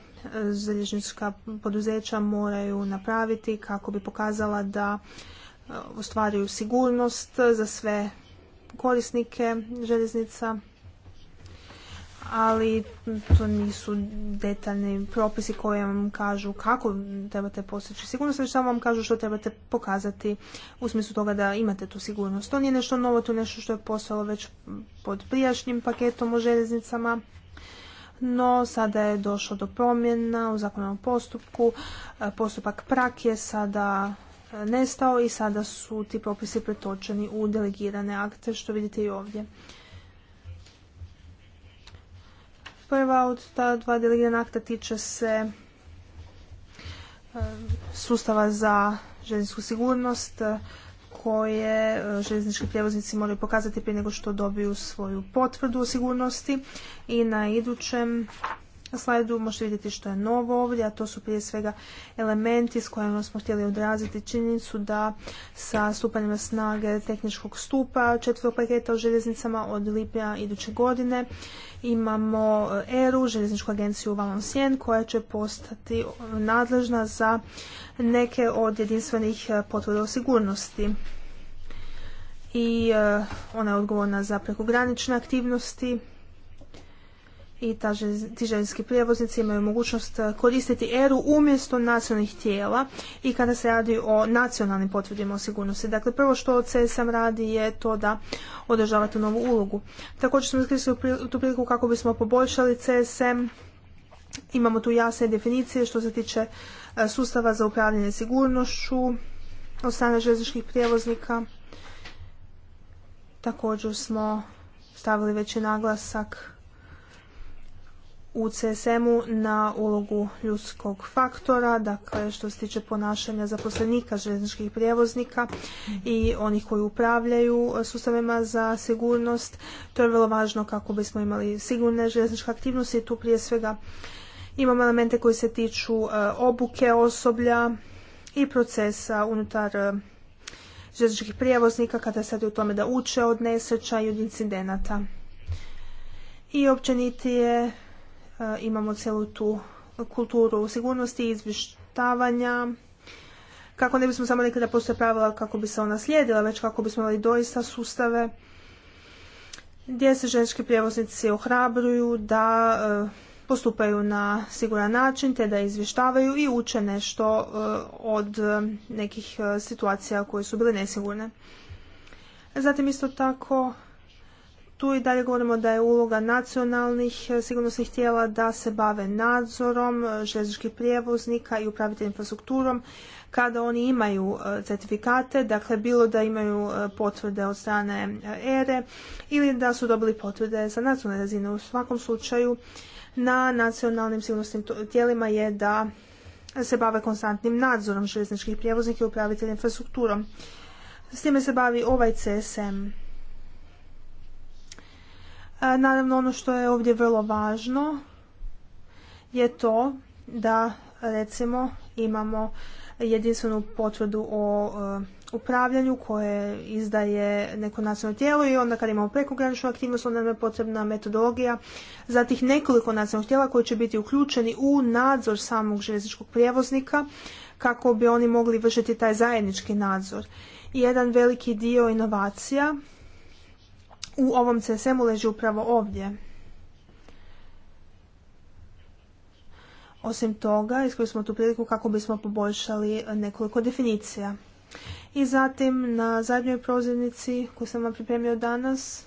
željeznička poduzeća moraju napraviti kako bi pokazala da e, ostvaruju sigurnost za sve korisnike željeznica ali to nisu detaljni propisi koji vam kažu kako trebate postići sigurnost, već samo vam kažu što trebate pokazati u smislu toga da imate tu sigurnost. To nije nešto novo, to je nešto što je postalo već pod prijašnjim paketom o željeznicama, no sada je došlo do promjena u zakonom postupku. E, postupak prak je sada e, nestao i sada su ti propisi pretočeni u delegirane akte, što vidite i ovdje. Prva od ta dva delegirana akta tiče se e, sustava za željezničku sigurnost e, koje e, željeznički prijevoznici moraju pokazati prije nego što dobiju svoju potvrdu o sigurnosti i na idućem na slajdu možete vidjeti što je novo ovdje, a to su prije svega elementi s kojima smo htjeli odraziti činjenicu da sa stupanjem snage tehničkog stupa četvrtog paketa o željeznicama od lipnja iduće godine imamo e, ERU, željezničku agenciju Valencien, koja će postati nadležna za neke od jedinstvenih potvrda o sigurnosti i e, ona je odgovorna za prekogranične aktivnosti i ti željeznički prijevoznici imaju mogućnost e, koristiti eru umjesto nacionalnih tijela i kada se radi o nacionalnim potvrdima o sigurnosti. Dakle, prvo što CSM radi je to da održava tu novu ulogu. Također smo iskoristili tu priliku kako bismo poboljšali CSM. Imamo tu jasne definicije što se tiče e, sustava za upravljanje sigurnošću od strane željezničkih prijevoznika. Također smo stavili veći naglasak u CSM-u na ulogu ljudskog faktora, dakle što se tiče ponašanja zaposlenika željezničkih prijevoznika i onih koji upravljaju e, sustavima za sigurnost. To je vrlo važno kako bismo imali sigurne željezničke aktivnosti. Tu prije svega imamo elemente koji se tiču e, obuke osoblja i procesa unutar e, željezničkih prijevoznika kada se radi o tome da uče od nesreća i od incidenata. I općenitije E, imamo cijelu tu kulturu sigurnosti i izvještavanja kako ne bismo samo rekli da postoje pravila kako bi se ona slijedila, već kako bismo imali doista sustave gdje se ženski prijevoznici ohrabruju da e, postupaju na siguran način te da izvještavaju i uče nešto e, od nekih situacija koje su bile nesigurne. Zatim isto tako tu i dalje govorimo da je uloga nacionalnih e, sigurnosnih tijela da se bave nadzorom e, željezničkih prijevoznika i upravitelj infrastrukturom kada oni imaju e, certifikate, dakle bilo da imaju potvrde od strane ERE ili da su dobili potvrde sa nacionalne razine. U svakom slučaju na nacionalnim sigurnosnim tijelima je da se bave konstantnim nadzorom željezničkih prijevoznika i upravitelj infrastrukturom. S time se bavi ovaj CSM. Naravno, ono što je ovdje vrlo važno je to da recimo imamo jedinstvenu potvrdu o e, upravljanju koje izdaje neko nacionalno tijelo i onda kad imamo prekograničnu aktivnost onda nam je potrebna metodologija za tih nekoliko nacionalnih tijela koji će biti uključeni u nadzor samog željezničkog prijevoznika kako bi oni mogli vršiti taj zajednički nadzor. Jedan veliki dio inovacija u ovom CSM-u leži upravo ovdje. Osim toga, iskoristili smo tu priliku kako bismo poboljšali nekoliko definicija. I zatim na zadnjoj prozirnici koju sam vam pripremio danas,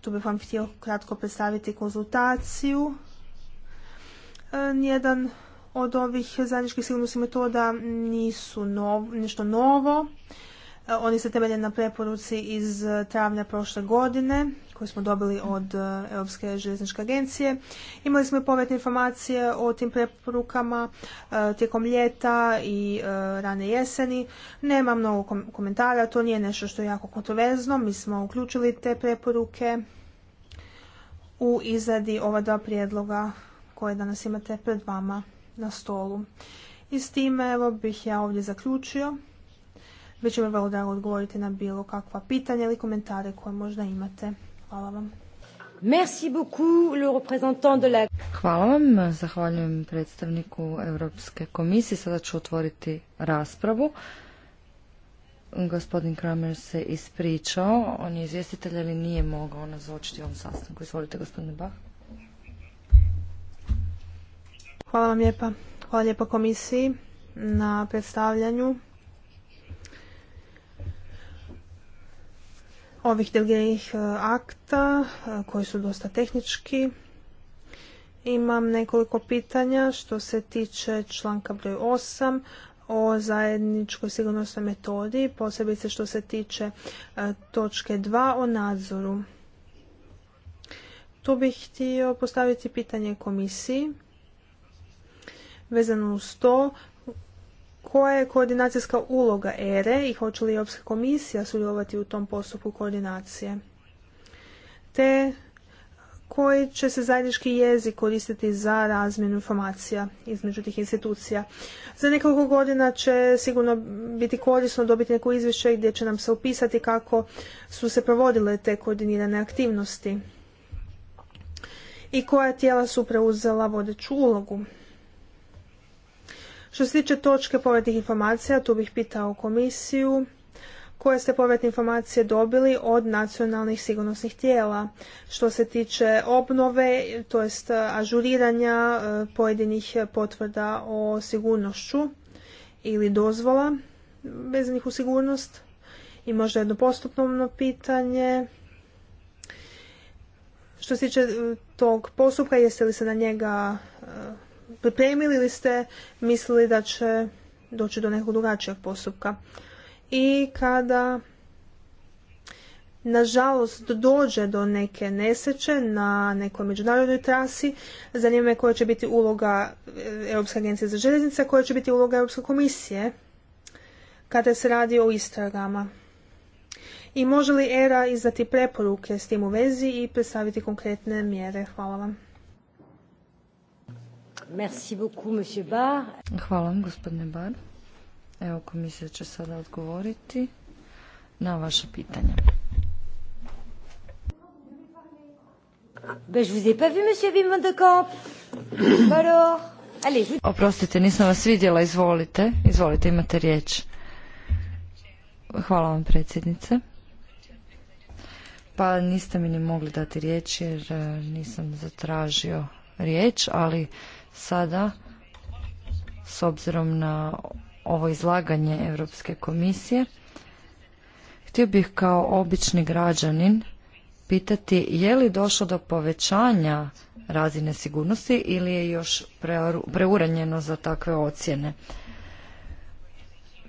tu bih vam htio kratko predstaviti konzultaciju. E, nijedan od ovih zajedničkih sigurnosnih metoda nisu nešto novo. E, oni se temelje na preporuci iz e, travnja prošle godine koju smo dobili od e, Europske željezničke agencije. Imali smo i povjetne informacije o tim preporukama tijekom ljeta i rane jeseni. Nema mnogo komentara, to nije nešto što je jako kontroverzno. Mi smo uključili te preporuke u izradi ova dva prijedloga koje danas imate pred vama na stolu. I s time evo, bih ja ovdje zaključio. Bit ćemo vrlo drago odgovoriti na bilo kakva pitanja ili komentare koje možda imate. Hvala vam. Merci beaucoup, le représentant de la... Hvala vam, zahvaljujem predstavniku Europske komisije. Sada ću otvoriti raspravu. Gospodin Kramer se ispričao, on je izvjestitelj, ali nije mogao nazočiti ovom sastanku. Izvolite, gospodine Bach. Hvala vam lijepa. Hvala lijepa komisiji na predstavljanju ovih delgenih e, akta e, koji su dosta tehnički. Imam nekoliko pitanja što se tiče članka broj 8 o zajedničkoj sigurnosnoj metodi, posebice što se tiče e, točke 2 o nadzoru. Tu bih htio postaviti pitanje komisiji vezano uz to koja je koordinacijska uloga ERE i hoće li Europska komisija sudjelovati u tom postupku koordinacije? Te koji će se zajednički jezik koristiti za razmjenu informacija između tih institucija. Za nekoliko godina će sigurno biti korisno dobiti neko izvješće gdje će nam se upisati kako su se provodile te koordinirane aktivnosti i koja tijela su preuzela vodeću ulogu. Što se tiče točke povjetnih informacija, tu bih pitao komisiju koje ste povjetne informacije dobili od nacionalnih sigurnosnih tijela. Što se tiče obnove, to jest e, ažuriranja e, pojedinih potvrda o sigurnošću ili dozvola vezanih u sigurnost. I možda jedno postupno pitanje. Što se tiče e, tog postupka, jeste li se na njega pripremili ili ste mislili da će doći do nekog drugačijeg postupka. I kada nažalost dođe do neke nesreće na nekoj međunarodnoj trasi, zanima me koja će biti uloga e, Europske agencije za željeznice, koja će biti uloga Europske komisije kada se radi o istragama. I može li ERA izdati preporuke s tim u vezi i predstaviti konkretne mjere? Hvala vam. Merci beaucoup, Hvala vam, gospodine Bar. Evo, komisija će sada odgovoriti na vaše pitanje. Ben, je vous ai pas vu, monsieur Wim de Oprostite, nisam vas vidjela, izvolite. Izvolite, imate riječ. Hvala vam, predsjednice. Pa niste mi ni mogli dati riječ jer eh, nisam zatražio riječ, ali Sada, s obzirom na ovo izlaganje Europske komisije, htio bih kao obični građanin pitati je li došlo do povećanja razine sigurnosti ili je još preuranjeno za takve ocjene.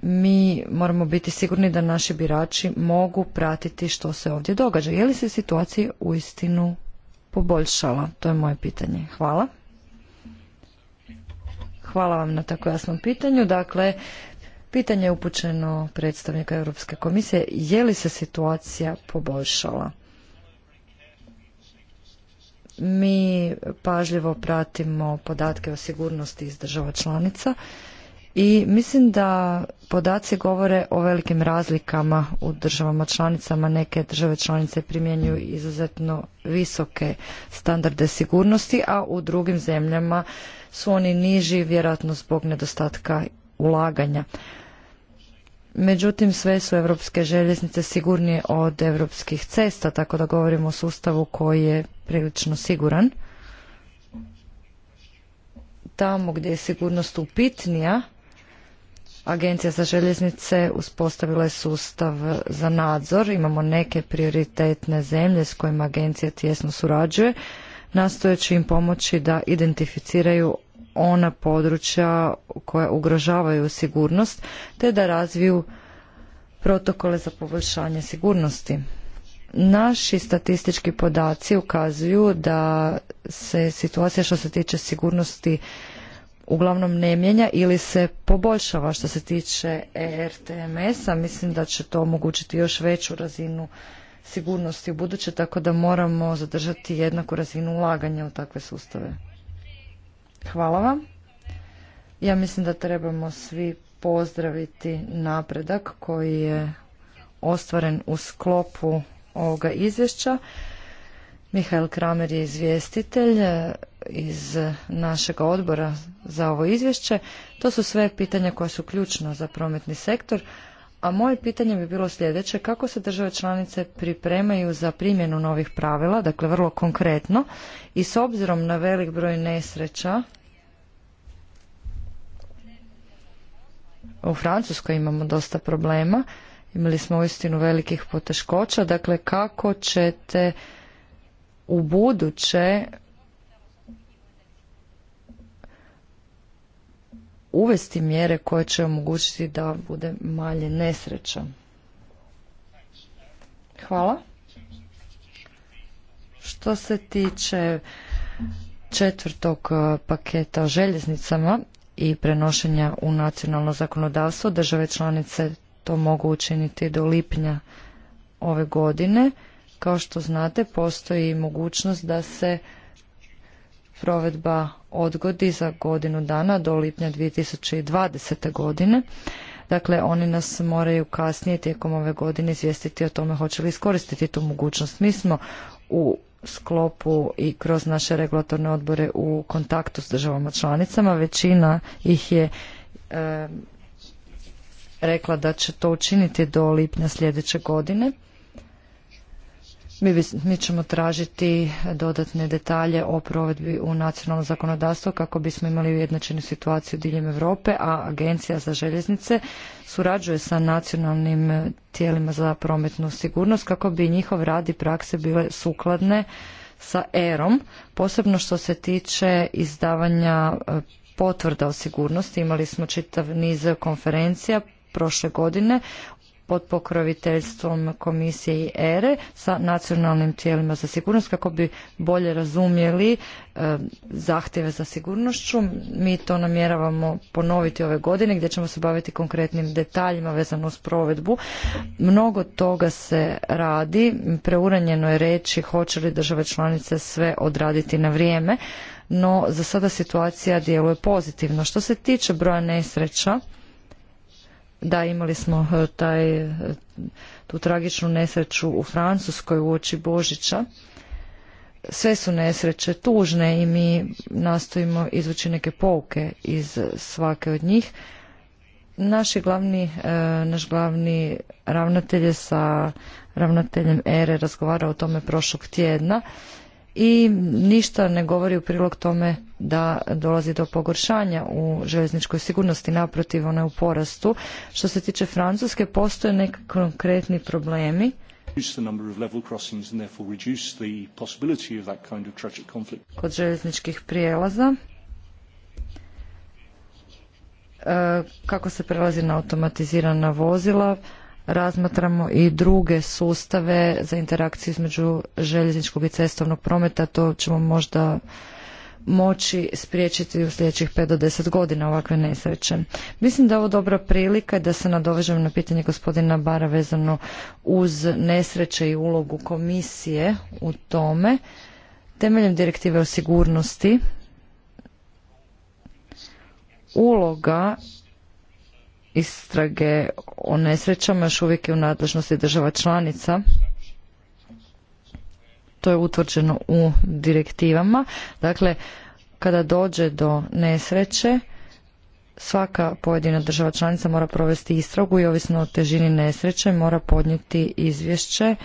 Mi moramo biti sigurni da naši birači mogu pratiti što se ovdje događa. Je li se situacija uistinu poboljšala? To je moje pitanje. Hvala. Hvala vam na tako jasnom pitanju. Dakle, pitanje je upućeno predstavnika Europske komisije. Je li se situacija poboljšala? Mi pažljivo pratimo podatke o sigurnosti iz država članica i mislim da podaci govore o velikim razlikama u državama članicama. Neke države članice primjenjuju izuzetno visoke standarde sigurnosti, a u drugim zemljama su oni niži vjerojatno zbog nedostatka ulaganja. Međutim, sve su europske željeznice sigurnije od europskih cesta, tako da govorimo o sustavu koji je prilično siguran. Tamo gdje je sigurnost upitnija, Agencija za željeznice uspostavila je sustav za nadzor. Imamo neke prioritetne zemlje s kojima agencija tjesno surađuje, nastojeći im pomoći da identificiraju ona područja koja ugrožavaju sigurnost, te da razviju protokole za poboljšanje sigurnosti. Naši statistički podaci ukazuju da se situacija što se tiče sigurnosti uglavnom ne mijenja ili se poboljšava što se tiče ERTMS-a. Mislim da će to omogućiti još veću razinu sigurnosti u buduće, tako da moramo zadržati jednaku razinu ulaganja u takve sustave. Hvala vam. Ja mislim da trebamo svi pozdraviti napredak koji je ostvaren u sklopu ovoga izvješća. Mihael Kramer je izvjestitelj iz našeg odbora za ovo izvješće. To su sve pitanja koja su ključna za prometni sektor, a moje pitanje bi bilo sljedeće, kako se države članice pripremaju za primjenu novih pravila, dakle vrlo konkretno, i s obzirom na velik broj nesreća, u Francuskoj imamo dosta problema, imali smo uistinu velikih poteškoća, dakle kako ćete u buduće uvesti mjere koje će omogućiti da bude manje nesreća. Hvala. Što se tiče četvrtog eh, paketa o željeznicama i prenošenja u nacionalno zakonodavstvo, države članice to mogu učiniti do lipnja ove godine. Kao što znate, postoji mogućnost da se provedba odgodi za godinu dana do lipnja 2020. godine. Dakle, oni nas moraju kasnije tijekom ove godine izvijestiti o tome hoće li iskoristiti tu mogućnost. Mi smo u sklopu i kroz naše regulatorne odbore u kontaktu s državama članicama. Većina ih je rekla da će to učiniti do lipnja sljedeće godine. Mi, bi, ćemo tražiti dodatne detalje o provedbi u nacionalno zakonodavstvo kako bismo imali ujednačenu situaciju diljem Europe, a Agencija za željeznice surađuje sa nacionalnim tijelima za prometnu sigurnost kako bi njihov rad i prakse bile sukladne sa erom, posebno što se tiče izdavanja e, potvrda o sigurnosti. Imali smo čitav niz konferencija prošle godine pod pokroviteljstvom komisije i ERE sa nacionalnim tijelima za sigurnost kako bi bolje razumjeli e, zahtjeve za sigurnošću. Mi to namjeravamo ponoviti ove godine gdje ćemo se baviti konkretnim detaljima vezano uz provedbu. Mnogo toga se radi, preuranjeno je reći hoće li države članice sve odraditi na vrijeme, no za sada situacija djeluje pozitivno. Što se tiče broja nesreća, da, imali smo e, taj, e, tu tragičnu nesreću u Francuskoj oči Božića. Sve su nesreće tužne i mi nastojimo izvući neke pouke iz svake od njih. Naši glavni, e, naš glavni ravnatelj je sa ravnateljem ERE razgovarao o tome prošlog tjedna i ništa ne govori u prilog tome da dolazi do pogoršanja u željezničkoj sigurnosti, naprotiv ona u porastu. Što se tiče Francuske, postoje neki konkretni problemi. Kod željezničkih prijelaza, e, kako se prelazi na automatizirana vozila, razmatramo i druge sustave za interakciju između željezničkog i cestovnog prometa. To ćemo možda moći spriječiti u sljedećih 5 do 10 godina ovakve nesreće. Mislim da je ovo dobra prilika da se nadovežem na pitanje gospodina Bara vezano uz nesreće i ulogu komisije u tome. Temeljem direktive o sigurnosti uloga istrage o nesrećama još uvijek je u nadležnosti država članica. To je utvrđeno u direktivama. Dakle, kada dođe do nesreće, svaka pojedina država članica mora provesti istragu i ovisno o težini nesreće mora podnijeti izvješće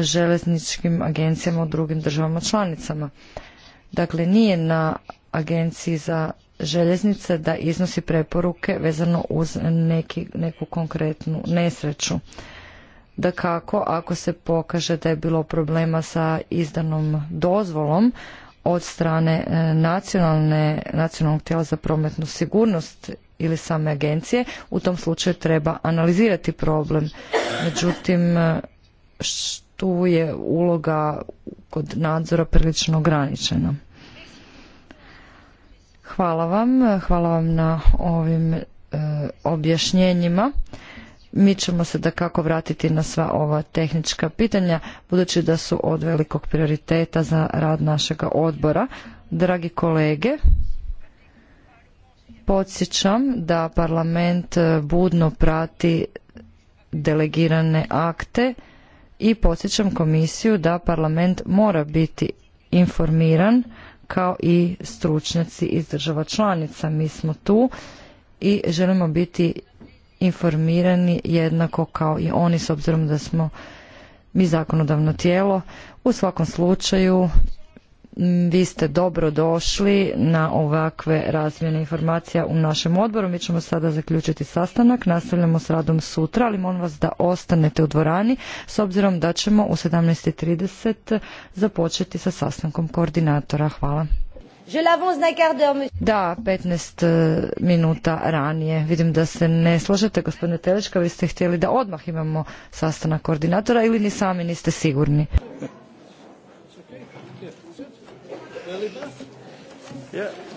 železničkim agencijama u drugim državama članicama. Dakle, nije na agenciji za željeznice da iznosi preporuke vezano uz neki, neku konkretnu nesreću. Da kako, ako se pokaže da je bilo problema sa izdanom dozvolom od strane e, nacionalne, nacionalnog tijela za prometnu sigurnost ili same agencije, u tom slučaju treba analizirati problem. Međutim, e, tu je uloga kod nadzora prilično ograničena. Hvala vam, hvala vam na ovim e, objašnjenjima. Mi ćemo se da kako vratiti na sva ova tehnička pitanja, budući da su od velikog prioriteta za rad našega odbora. Dragi kolege, podsjećam da parlament e, budno prati delegirane akte i podsjećam komisiju da parlament mora biti informiran kao i stručnjaci iz država članica. Mi smo tu i želimo biti informirani jednako kao i oni s obzirom da smo mi zakonodavno tijelo. U svakom slučaju Mm, vi ste dobro došli na ovakve razmjene informacija u našem odboru. Mi ćemo sada zaključiti sastanak. Nastavljamo s radom sutra, ali molim vas da ostanete u dvorani s obzirom da ćemo u 17.30 započeti sa sastankom koordinatora. Hvala. Da, 15 e, minuta ranije. Vidim da se ne slažete, gospodine Telečka, vi ste htjeli da odmah imamo sastanak koordinatora ili ni sami niste sigurni. Yeah.